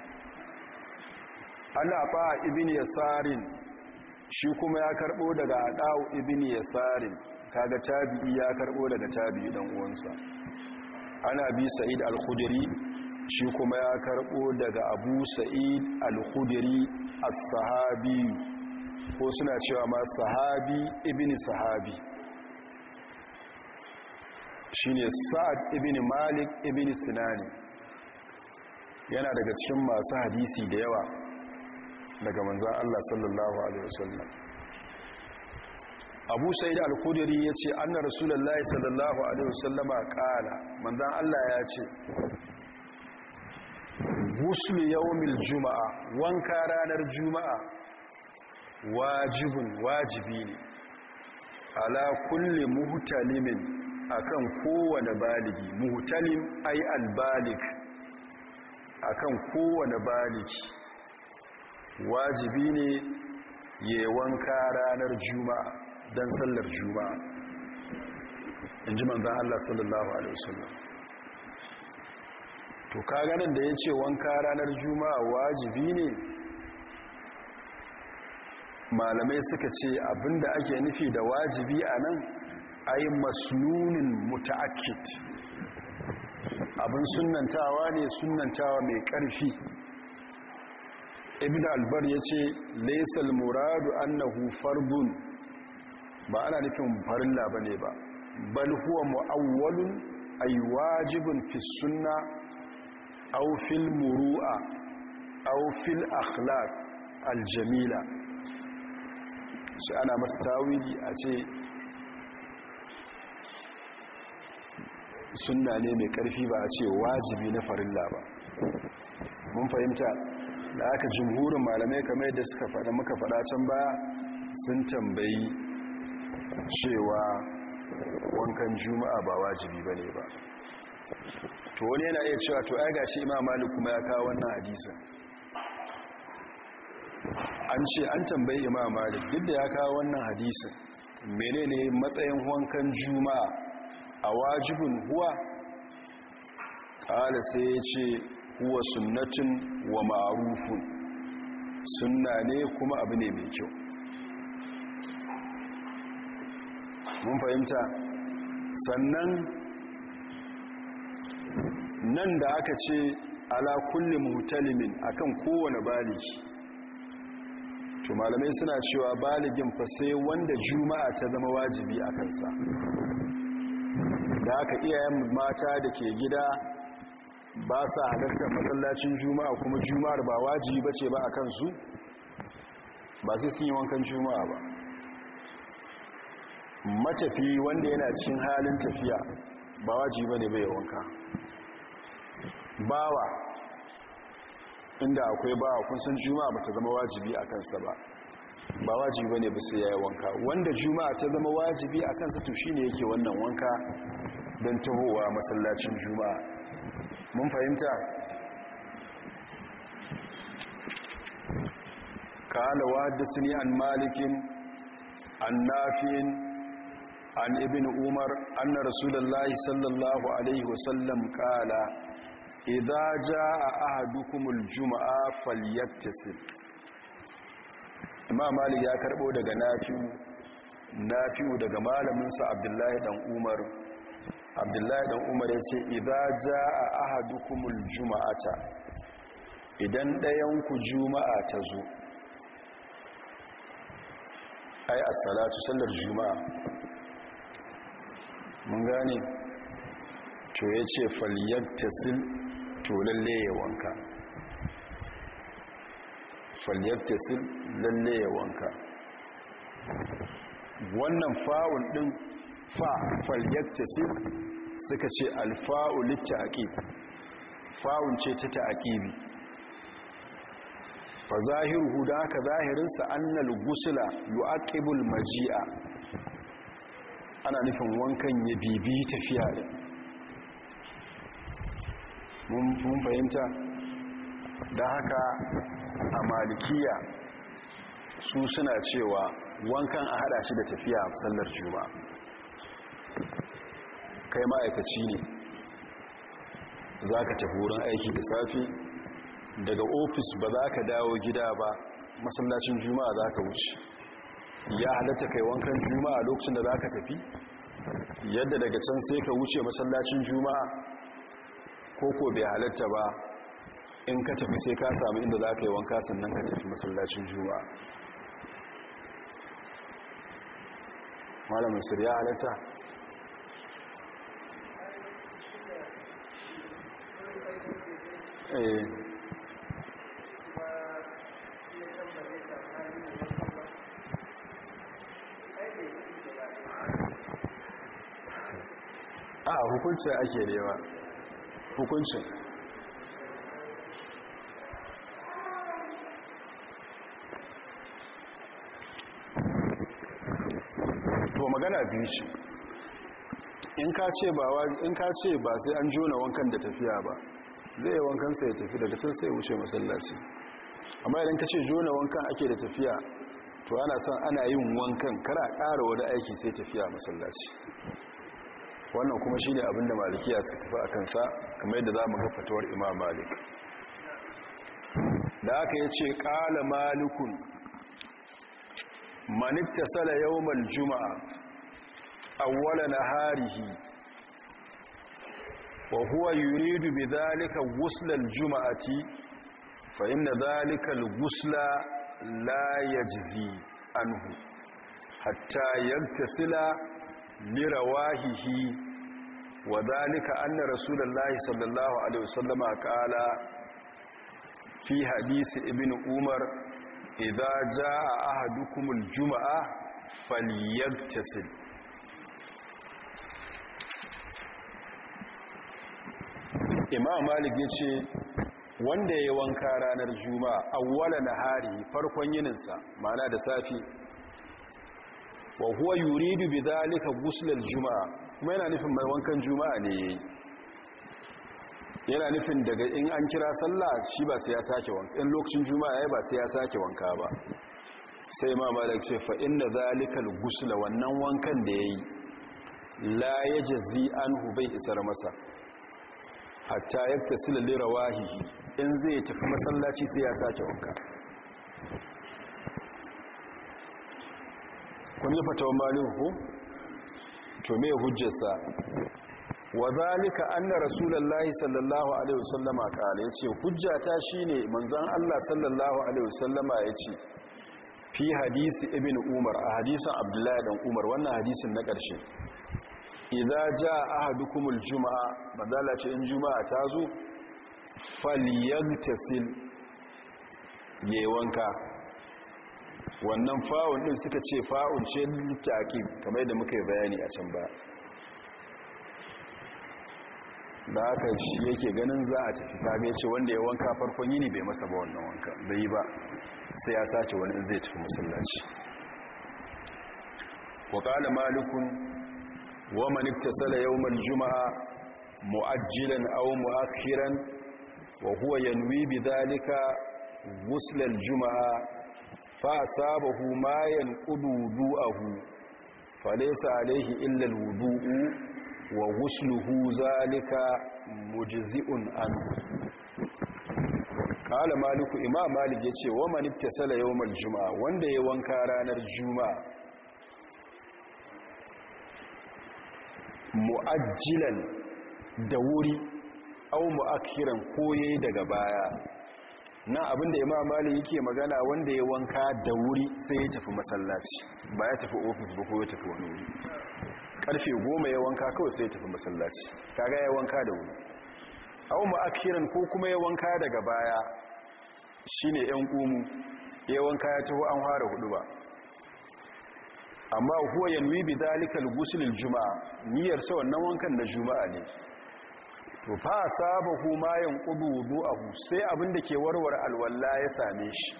Speaker 1: alaɓa ibini ibn yasarin shi kuma ya karɓo daga adau ibn yasarin kaga tabi'i ya karbo daga tabi'i dan uwansa ana bi sa'id al-khudri shi kuma ya karbo daga abu sa'id al-khudri as-sahabi ko suna cewa ma sahabi ibni sahabi shine sa'ad ibn malik ibni sinani yana daga cikin masu hadisi da yawa daga manzo Allah sallallahu alaihi wasallam abu sai da alkudiri ya ce an na rasulallah sallallahu alaihi wasallama ƙala manzan allah ya ce guslu yawmil juma'a wanka ranar juma'a wajibin wajibi ne ala kulli muhtalimin akan kowane baligi muhtalim ay albalik akan kowane baligi wajibi ne yayin wanka ranar juma'a don sallar juma'a in ji manzan Allah sallallahu Alaihi wasallam to kaganin da ya ce wanka ranar juma'a wajibi ne malamai suka ce abinda ake nufi da wajibi a nan ai masnunin muta'akkid abin sunantawa ne sunantawa mai ƙarfi ibn albar ya ce laisal muradu annahu farbun ba ana nufin farilla ba ne ba bal huwa mu'awwalun ay wajibun fi sunna aw fil muru'a aw fil akhlaq al jamila shi ana masa tawili a ce sunna ne mai karfi ba a ce wajibi na farilla ba mun fahimta da aka jumhurin malamai kamar yadda suka faɗa muka faɗa can baya sun tambayi cewa wankan juma'a ba wajibi ba ne ba to wani yana iya cewa to ai gashi imam malik kuma ya kawo wannan hadisin an ce an tambayi imam malik duk da ya kawo wannan hadisin menene matsayin wankan juma'a a wajibin huwa kala sai ya ce huwa sunnatin wa ma'rufun sunna ne kuma abu ne mai kyau mun fahimta sannan nan da aka ce ala kulli mutalimin akan kowane baligi to malamai suna cewa baligin fa sai wanda juma'a ta zama wajibi a kansa da aka iyayen mata da ke gida ba sa halartar masallacin juma'a kuma juma'ar ba wajibi ba ce ba a kansu ba sai sun yi wankan juma'a ba matafi wanda yana cikin halin tafiya ba waji ba ne bai wanka bawa inda akwai bawa kun san juma'a bata ta zama wajibi a kansa ba ba wajibi ba ne ba sai ya wanka wanda juma'a ta zama wajibi a kansa to shine yake wannan wanka don tahowa masallacin juma'a mun fahimta قال وحدثني عن مالك عن نافع an ibn umar anna rasulullahi sallallahu alaihi wasallam kala idza jaa ahadukumul jumaa falyaktasib imam malik ya karbo daga nafi'u nafi'u daga malamin sa abdullahi dan umar abdullahi dan umar yace idza jaa ahadukumul jumaata idan dayan ku juma'a ta zo ai as-salatu sallar juma'a mun gane to ya ce falyattasil to lalle ya wanka falyattasil lalle ya wanka wannan fa'ul ɗin fa falyattasil suka ce alfa'ul litta'aqib fa'ul ce ta bi. fa zahiru da aka zahirinsa annal gusula yu'aqibul maji'a ana nufin wankan ya bibi tafiya da mun fahimta da haka a malikiya su suna cewa wankan a hada shi da tafiya a sallar juma kai ma'aikaci ne za ka tafi wurin aiki da safi daga ofis ba za ka dawo gida ba masallacin juma'a za ka wuce ya halatta kai wankan juma'a lokacin da za ka tafi yadda daga can sai ka wuce masallacin juma'a ko ko bai halatta ba in ka tafi sai ka samu inda za ka yi wanka sannan ka tafi masallacin juma'a malamin sir ya halatta eh hukuncin ake nema hukuncin to magana biyu ce in ka ce ba sai an jona wankan da tafiya ba zai yi wankan sai ya tafi daga can sai wuce masallaci amma idan ka ce jona wankan ake da tafiya to ana son ana yin wankan kara ƙara wani aiki sai tafiya masallaci wannan kuma shi ne abinda malikiya suka tafi a kansa kamar yadda za mu ga fatuwar imam malik da aka yi ce ƙala malikun manita sala yawmal juma'a awwala harihi wa huwa yuridu bi zalika ghusla juma'ati jumati fa inna dhalika al gusla la yajzi anhu hatta sila. lirawahihi wa zalika anna rasulullahi sallallahu alaihi wasallama qala fi hadisi ibn umar idza jaa ahadukumul jumaa falyaghtasil imam malik yace wanda yayi wanka ranar juma'a na hari, farkon yininsa ma'ana da safi wa huwa yuridu bi ghusl al juma'a kuma yana nufin mai wankan juma'a ne yana nufin daga in an kira sallah shi ba sai ya sake wanka in lokacin juma'a yayi ba sai ya sake wanka ba sai ma malik ce fa inna zalikal ghusl wannan wankan da yayi la yajzi anhu bai isar masa hatta yaktasil li rawahi in zai tafi masallaci sai ya sake wanka kun yi fatawan to me hujjarsa wa zalika anna rasulullahi sallallahu alaihi wasallama kana yace hujjata shine manzon Allah sallallahu alaihi wasallama yace fi hadisi ibn umar a hadisin abdullahi dan umar wannan hadisin na ƙarshe idza jaa ahadukumul jumaa badala ce in jumaa ta zo falyagtasil yayi wanka wannan fa'un ɗin suka ce fa'un ce littaki kamar da muka yi bayani a can ba da aka shi yake ganin za a tafi kaga ce wanda ya wanka farkon yini bai masa ba wannan wanka bai ba sai ya sace wani in zai tafi musulunci wa malikun wa man iktasala yawm Juma'a mu'ajjilan aw mu'akhiran wa huwa yanwi bi dhalika juma’a fa asabahu ma yanqudu Falesa, falaysa alayhi illa alwudu'u wa ghusluhu zalika mujzi'un an qala maliku imam malik yace wa man ittasala yawmal juma'a wanda ya wanka ranar juma'a mu'ajjilan da wuri au mu'akhiran koye daga baya na abinda imam mali yake magana wanda ya wanka da wuri sai ya tafi masallaci ba ya tafi ofis ba ko ya tafi wani wuri karfe goma ya wanka kawai sai ya tafi masallaci kaga ya wanka da wuri au ma'akiran ko kuma ya wanka daga baya shine yan kumu ya wanka ya tafi an fara hudu ba amma huwa yanwi bi dalikal ghusl juma'a niyyar sa wannan wankan na juma'a ne to fa saba ma yin ƙudu abu sai abinda ke warware alwalla ya same shi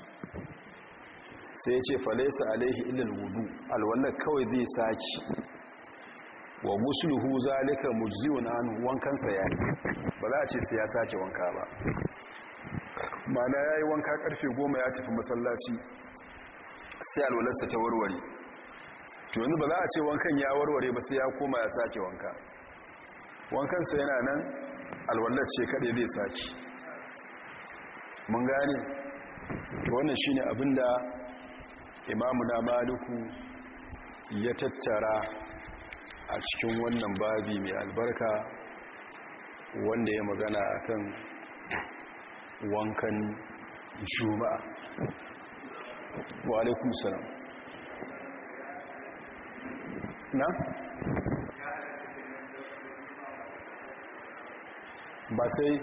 Speaker 1: sai ce falaisa alaihi ilil wudu alwalla kawai zai saki wa musuluhu zalika na an wankansa ya yi ba za a ce sai ya sake wanka ba mana ya yi wanka karfe goma ya tafi masallaci sai alwalarsa ta warware to yanzu ba za a ce wankan ya warware ba sai ya koma ya sake wanka wankansa yana nan alwallar ce kaɗai zai saki mun gane wannan shi ne abinda imamu na maluku ya tattara a cikin wannan babi mai albarka wanda ya magana akan wankan juma'a wa alaikum salam na? ba sai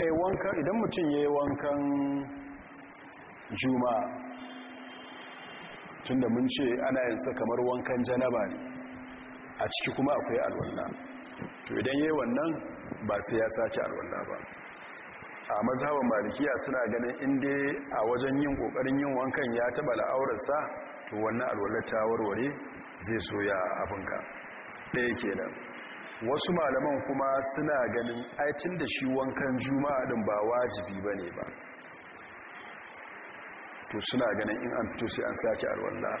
Speaker 1: a eh, wanka idan mutum ya yi wankan juma'a tun da mun ce ana yinsa kamar wankan janaba ne a ciki kuma akwai alwalla to idan ya yi wannan ba sai ya sace alwalla ba a mazhaban malikiya suna ganin inda a wajen yin kokarin yin wankan ya taba la'aurarsa to wannan alwallar ta warware zai soya ya abinka ɗaya kenan wasu malaman kuma suna ganin aitin da shi wankan juma'a din ba wajibi ba ne ba to suna ganin in an fito sai an sake alwallah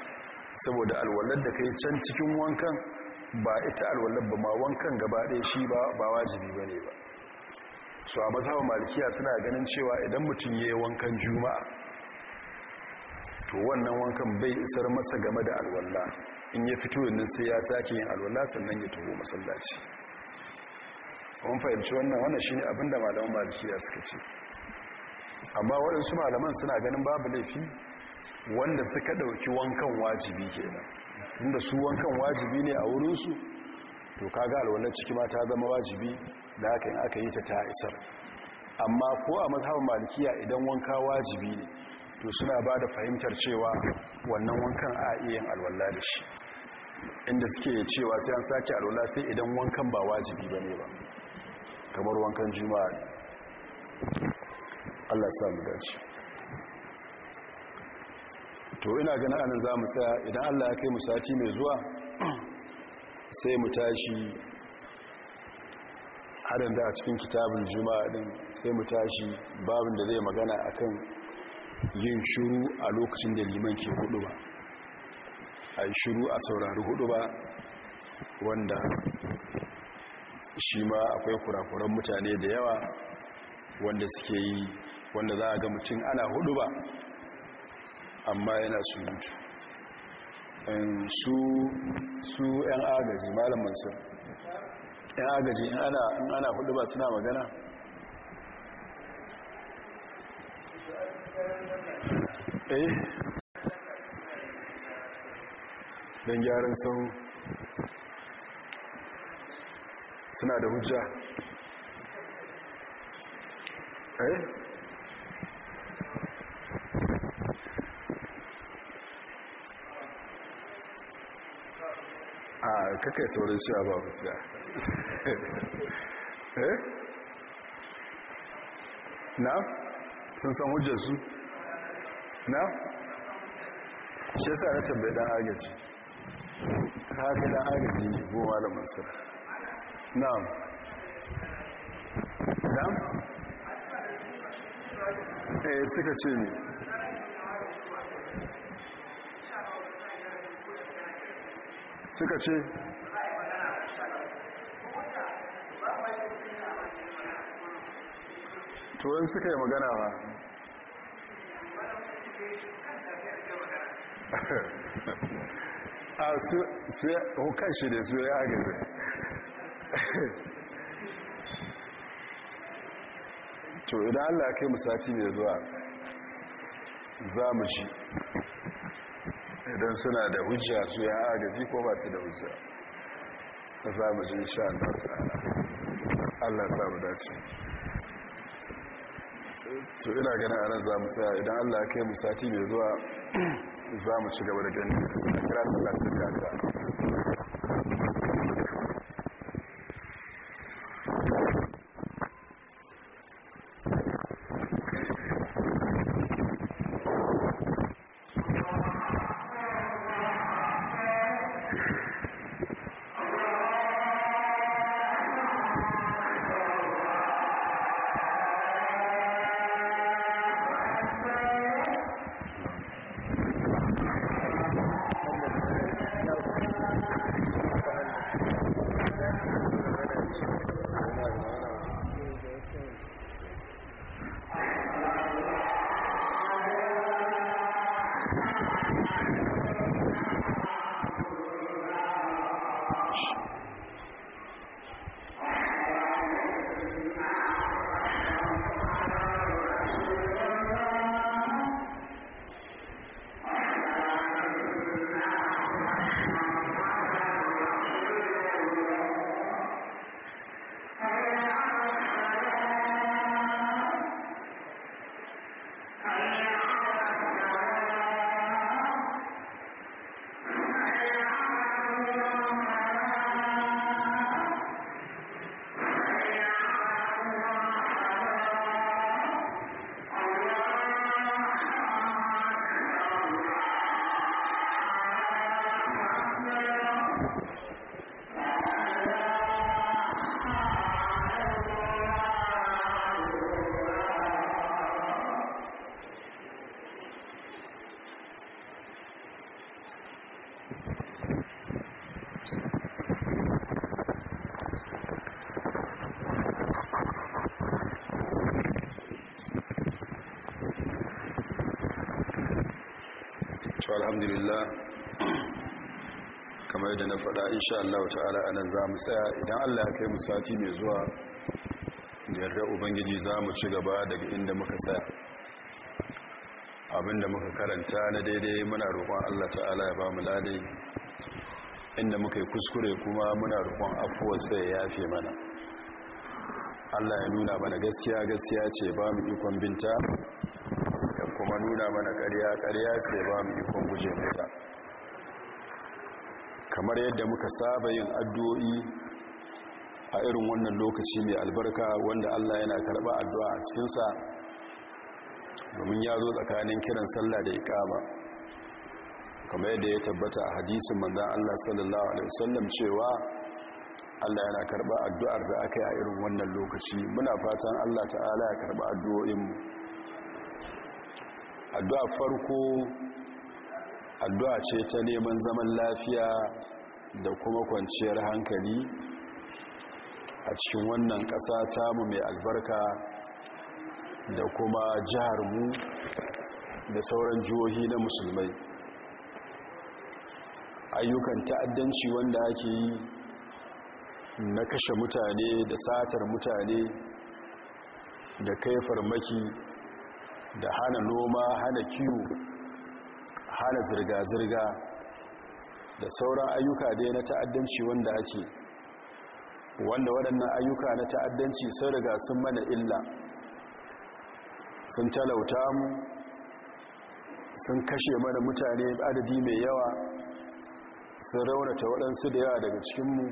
Speaker 1: saboda alwallar da kai can cikin wankan ba ita alwallar ba ma wankan gaba ɗaya shi ba ba wajibi ba ne ba su a mazhabar malikiya suna ganin cewa idan mutum ya yi wankan juma'a to wannan wankan bai isar masa game da alwallah in ya fito nan sai ya sake yin alwala sannan ya tuho masallaci kuma fahimci wannan wannan shi abin da malaman malikiya suka ce amma waɗansu malaman suna ganin babu laifi wanda suka ɗauki wankan wajibi kenan inda su wankan wajibi ne a wurinsu to ka ga alwala ciki ma ta zama wajibi da haka in aka yi ta ta isar amma ko a mazhabar malikiya idan wanka wajibi ne to suna ba da fahimtar cewa wannan wankan a iya alwallah da shi inda suke cewa sai an sake alwallah sai idan wankan ba wajibi ba ne ba kamar wankan juma'a Allah samu dace to ina ganin anan za mu tsaya idan Allah ya kai mu sati mai zuwa sai mu tashi harin da a cikin kitabun juma'a din sai mu tashi babin da zai magana akan yin shiru a lokacin da liman ke hudu ba a yi shiru a saurari hudu ba wanda shi ma akwai kurakuran mutane da yawa wanda suke yi wanda za a ga mutum ana hudu ba amma yana surutu su 'yan agaji malamansu, mansur 'yan agaji in ana hudu ba suna magana eh don gyaran sauro suna da hujja eh a kakai saurin shi a ba hujja eh? na sun san hujjarsu na? shi sa na tambayi dan agaji haka dan agaji ne goma malamin sa na? na? eh suka ce ne suka ce tuwon suka yi magana ba a hukan shi da su ya agaza to idan allah kai musati mai zuwa za shi idan suna da hujja su ya agaji ko ba su da hujja za mu ji sha allah samu dace to ina ganin anan za mu saya idan allah ya kai musati sati mai zuwa za mu ci gaba da a kira ta sun kaka alhamdulillah kamar da na faɗa insha Allah ta'ala a nan za mu tsaya idan Allah ya kai mu sati mai zuwa da yarda ubangiji za mu ci gaba daga inda muka tsaya abinda muka karanta na daidai muna roƙon Allah ta'ala ya ba mu ladai inda muka yi kuskure kuma muna roƙon afuwar sai ya yafe mana Allah ya nuna mana gaskiya gaskiya ce ba mu ikon binta nuna mana ƙarya ƙarya ce ba mu ikon guje mata kamar yadda muka saba yin addu'o'i a irin wannan lokaci mai albarka wanda Allah yana karɓa addu'a a cikinsa domin ya zo tsakanin kiran sallah da iqama kamar yadda ya tabbata a hadisin manzon Allah sallallahu alaihi wasallam cewa Allah yana karɓa addu'ar da aka yi a irin wannan lokaci muna fatan Allah ta'ala ya karɓa addu'o'inmu addu'a farko addu'a ce ta neman zaman lafiya da kuma kwanciyar hankali a cikin wannan ƙasa ta tamu mai albarka da kuma jihar mu da sauran jihohi na musulmai ayyukan ta'addanci wanda ake yi na kashe mutane da satar mutane da kai farmaki da hana noma hana kiwo hana zirga-zirga da sauran ayyuka dai na ta'addanci wanda ake wanda waɗannan ayyuka na ta'addanci sun riga sun mana illa sun talauta mu sun kashe mana mutane adadi mai yawa sun raunata waɗansu da yawa daga cikinmu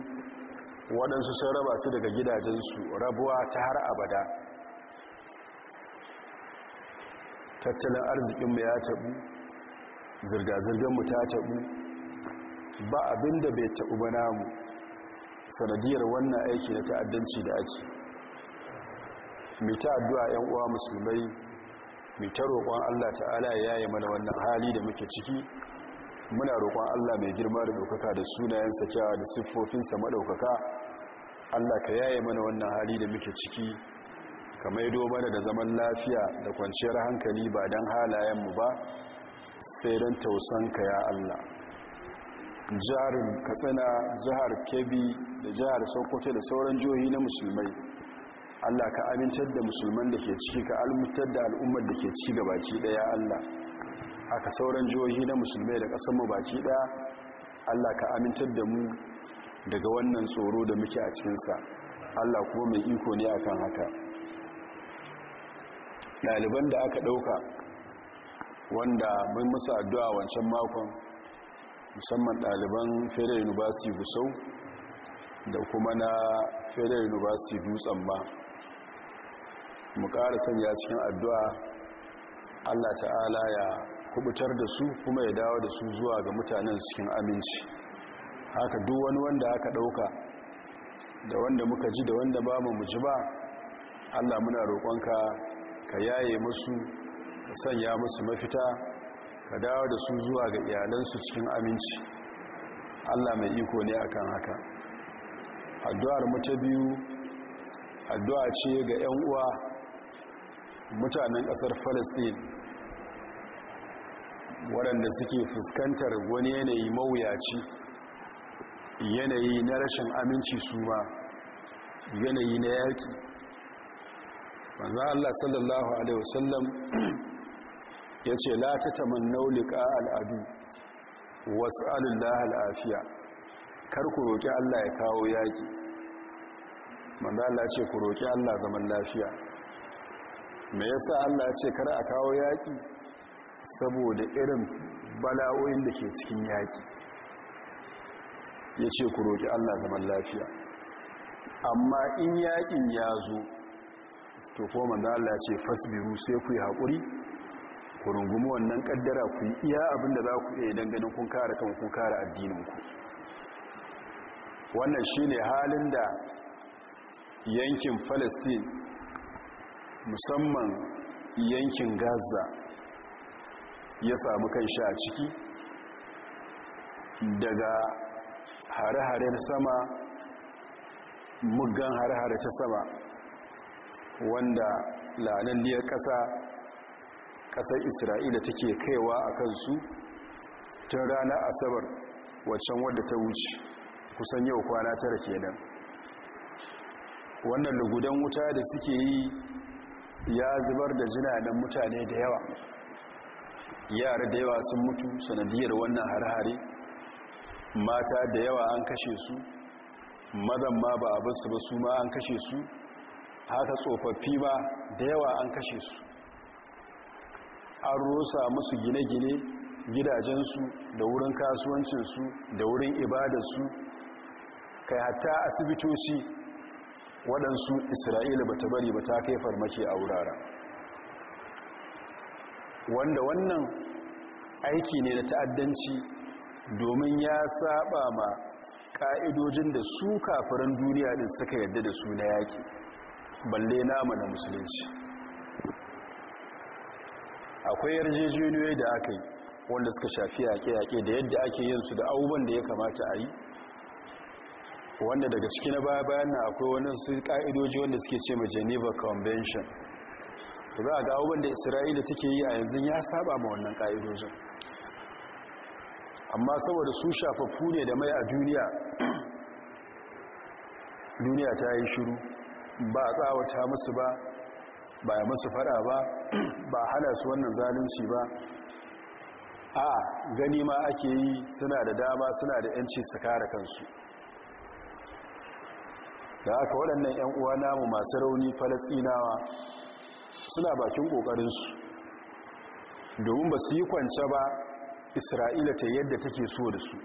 Speaker 1: waɗansu sun raba su daga gidajensu rabuwa ta har abada tattalin arzikinmu ya taɓu zirga-zirganmu ta taɓu ba abin da bai taɓu ba namu sanadiyar wannan aiki na ta'addanci da ake mita addu'a 'yan uwa musulmai mita roƙon allah ta'ala ya yi mana wannan hali da muke ciki muna roƙon allah mai girma da ɗaukaka da sunayen kyawa da siffofinsa maɗaukaka allah ka yaye mana wannan hali da muke ciki ka maido mana da zaman lafiya da kwanciyar hankali ba don halayenmu ba sai don tausanka ya Allah jihar katsina jihar kebbi da jihar sokoto da sauran jihohi na musulmai Allah ka amintar da musulman da ke ciki ka almutar da al'ummar da ke ciki ga baki daya Allah aka sauran jihohi na musulmai da ƙasar mu baki daya Allah ka amintar da mu daga wannan tsoro da muke a cikinsa Allah kuma mai iko ne akan haka ɗaliban da aka ɗauka wanda mun musu addu'a wancan makon musamman ɗaliban federal university gusau da kuma na federal university dutsen ba mu ƙara sanya cikin addu'a allah ta'ala ya kubutar da su kuma ya dawo da su zuwa ga mutanen cikin aminci haka duk wani wanda aka ɗauka da wanda muka ji da wanda ba mu ji ba allah muna roƙonka ka yaye musu ka sanya musu mafita ka dawo da su zuwa ga iyalansu cikin aminci Allah mai iko ne akan haka addu'ar mu biyu addu'a ce ga 'yan uwa mutanen ƙasar Falasɗin waɗanda suke fuskantar wani yanayi mawuyaci yanayi na rashin aminci su ba yanayi na yaƙi manzan Allah sallallahu Alaihi wasallam ya ce la ta tamannau liƙa al'adu wasu alullah al'afiya kar ku roƙi Allah ya kawo yaƙi manzan Allah ce ku roƙi Allah zaman lafiya me yasa Allah ce kar a kawo yaƙi saboda irin bala'o'in da ke cikin yaƙi ya ce ku roƙi Allah zaman lafiya amma in yaƙin ya zo to kuma manzo Allah ce fasbiru sai ku yi hakuri ku rungumi wannan ƙaddara, ku yi iya abinda za ku iya dan ganin kun kare kan kun kare addinin ku wannan shine halin da yankin Palestine musamman yankin Gaza ya samu kan shi a ciki daga hare-haren sama muggan hare-hare ta sama wanda lananniyar ƙasa ƙasar isra'ila take kaiwa a kansu tun ranar asabar waccan wadda ta wuce kusan yau kwana tara kenan wannan lugudan wuta da suke yi ya zubar da na mutane da yawa yara da yawa sun mutu sanadiyar wannan harhari mata da yawa an kashe su mazan ma ba a ba su ma an kashe su haka tsofaffi ba da yawa an kashe su an rusa musu gine-gine gidajensu da wurin kasuwancinsu da wurin ibadarsu kai hatta asibitoci waɗansu isra'ila ba ta bari ba ta kai farmaki a wurara. wanda wannan aiki ne na ta'addanci domin ya saba ma ƙa'idojin da su kafirin duniya din suka yadda da su na yaƙi balle nama na musulunci akwai yarjejeniyoyi da aka yi wanda suka shafi yaƙe-yaƙe da yadda ake yin su da abubuwan da ya kamata a yi wanda daga ciki na baya-bayan na akwai wani su ƙa'idoji wanda suke ce ma geneva convention za a ga abubuwan da isra'ila take yi a yanzu ya saba ma wannan ƙa'idojin amma saboda su shafaffu ne da mai a duniya duniya ta yi shiru ba a tsawata musu ba ba a musu fada ba ba a hana su wannan zalunci ba a gani ma ake yi suna da dama suna da yanci su kare kansu da aka waɗannan 'yan uwa namu masu rauni falasinawa suna bakin ƙoƙarinsu domin ba su yi kwance ba isra'ila ta yadda take so da su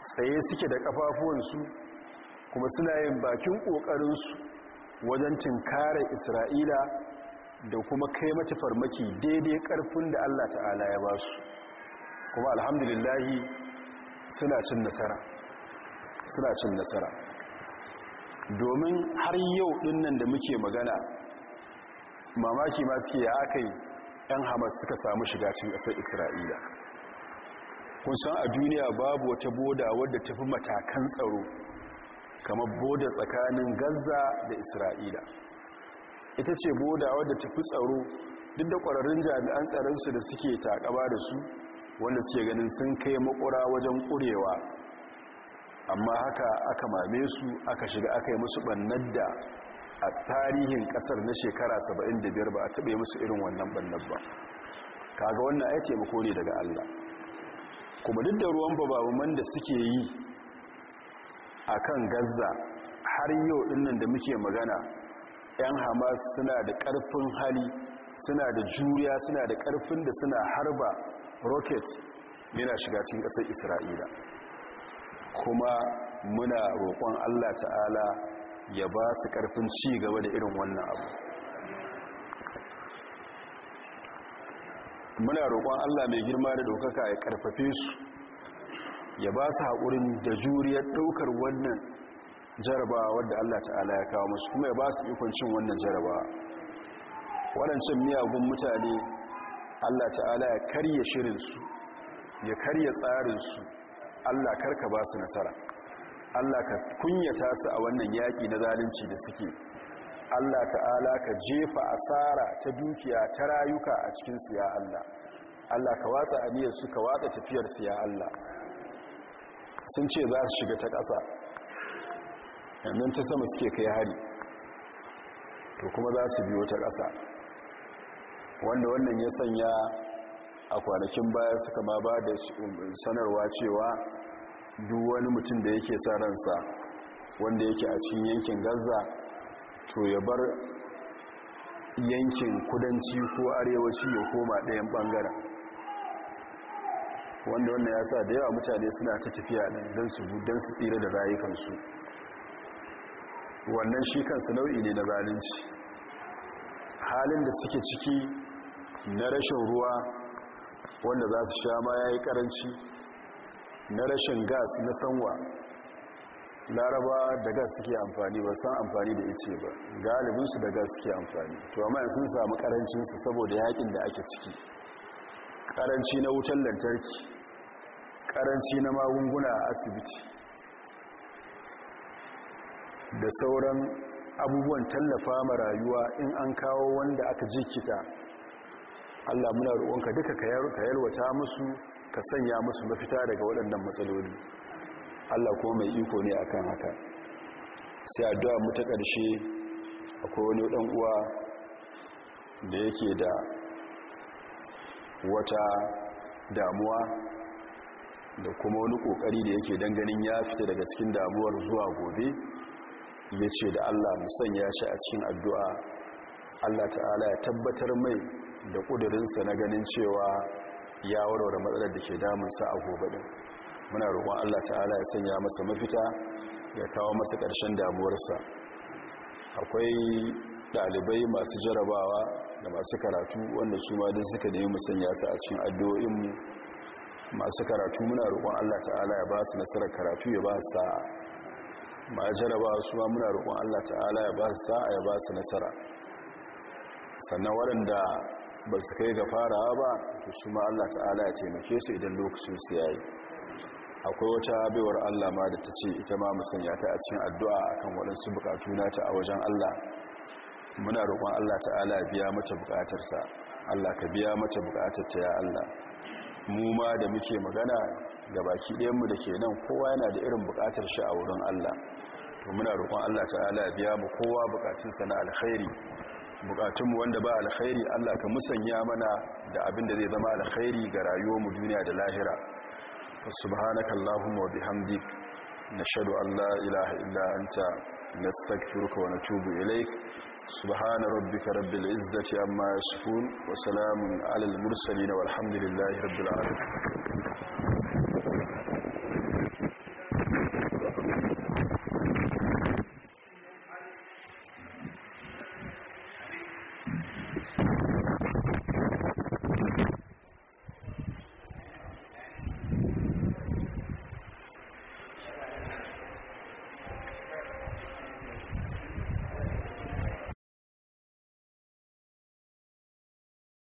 Speaker 1: tsaye suke da ƙafafuwansu kuma suna yin bakin ƙoƙarinsu wajen tinkarar isra'ila da kuma kai mata farmaki daidai karfin da allah ta'ala ya ba su kuma alhamdulillahi suna cin nasara suna cin nasara domin har yau dinnan da muke magana mamaki ma suke ya aka yi 'yan hamas suka samu shiga cin ƙasar isra'ila kun san a duniya babu wata boda wadda tafi matakan tsaro kamar boda tsakanin gaza da isra'ila ita ce boda wadda ta fi tsaro duk da ƙwararrun jami'an tsaronsu da suke takaba da su wanda suke ganin sun kai makura wajen ƙurewa amma haka aka mame su aka shiga aka yi musu bannar da a tarihin ƙasar na shekara 75 ba a yi musu irin wannan ɓannar ba kaga wannan ai taimako ne daga allah kuma duk da ruwan babawaman da suke yi a kan gaza har yau dinnan da muke magana 'yan hamas suna da ƙarfin hali suna da juriya suna da ƙarfin da suna harba rocket yana shiga cikin ƙasar isra'ila kuma muna roƙon allah ta'ala ya ba su ƙarfin ci gaba da irin wannan abu muna roƙon allah mai girma da dokaka ya ƙarfafe su ya ba su haƙurin da juriyar ɗaukar wannan jarabawa wadda Allah ta'ala ya kawo masu kuma ya ba su ikon cin wannan jarabawa waɗancan miyagun mutane Allah ta'ala ya karya shirinsu ya karya tsarinsu Allah karka ba su nasara Allah ka kunyata su a wannan yaƙi na zalunci da suke Allah ta'ala ka jefa asara ta dukiya ta rayuka a cikinsu ya Allah Allah ka watsa aniyarsu ka watsa tafiyarsu ya Allah sun ce za su shiga ta ƙasa yannan ta sama suke kai hari to kuma za su biyo ta ƙasa wanda wannan ya sanya a kwanakin baya suka ma ba da sanarwa cewa duk wani mutum da yake sa ransa wanda yake a cikin yankin gaza to ya bar yankin kudanci ko arewaci ya koma ɗayan ɓangaren wanda wannan ya sa da yawa mutane suna ta tafiya ne don su su tsira da rayukansu wannan shi kansu nau'i ne na zalunci halin da suke ciki na rashin ruwa wanda za su sha ma ya yi karanci na rashin gas na sanwa laraba da gas suke amfani ba san amfani da ice ba galibinsu da gas suke amfani to amma sun samu karancinsu saboda yakin da ake ciki karanci na wutan lantarki karanci na magunguna a asibiti da sauran abubuwan tallafa marayuwa in an kawo wanda aka jikita allah muna roƙonka duka ka yalwata musu ka sanya musu mafita daga waɗannan matsaloli allah kuma mai iko ne a kan haka sai addu'a mu ta ƙarshe akwai wani ɗan uwa da yake da wata damuwa da kuma wani kokari da yake danganin ya fita daga cikin damuwar zuwa gobe ya ce da allah sanya shi a cikin addu'a allah ta'ala ya tabbatar mai da ƙudurinsa na ganin cewa ya warware matsalar da ke damunsa a gobe ɗin muna roƙon allah ta'ala ya sanya masa mafita ya kawo masa ƙarshen damuwarsa akwai ɗalibai masu jarabawa da masu karatu wanda su ma duk suka nemi musanya su a cikin addu'o'inmu masu karatu muna roƙon Allah ta'ala ya ba su nasarar karatu ya ba su sa'a ma jaraba su ma muna roƙon Allah ta'ala ya ba su sa'a ya ba su nasara sannan waɗanda ba su kai ga farawa ba to su ma Allah ta'ala ya taimake su idan lokacin su yayi akwai wata abewar Allah ma da ta ce ita ma musanya ta a cikin addu'a akan waɗansu na ta a wajen Allah muna roƙon Allah ta'ala biya mata buƙatarsa Allah ka biya mata buƙatarta ya Allah mu ma da muke magana ga baki ɗayanmu da ke nan kowa yana da irin buƙatar shi a wurin Allah to muna roƙon Allah ta'ala biya mu kowa buƙatunsa na alkhairi buƙatunmu wanda ba alkhairi Allah ka musanya mana da abin da zai zama alkhairi ga rayuwarmu duniya da lahira subhanakallahumma wa bihamdik nashhadu an la ilaha illa anta nastaghfiruka wa natubu subhana rabbika rabbil izzati amma yasifun wa salamun alal mursalin walhamdulillahi rabbil alamin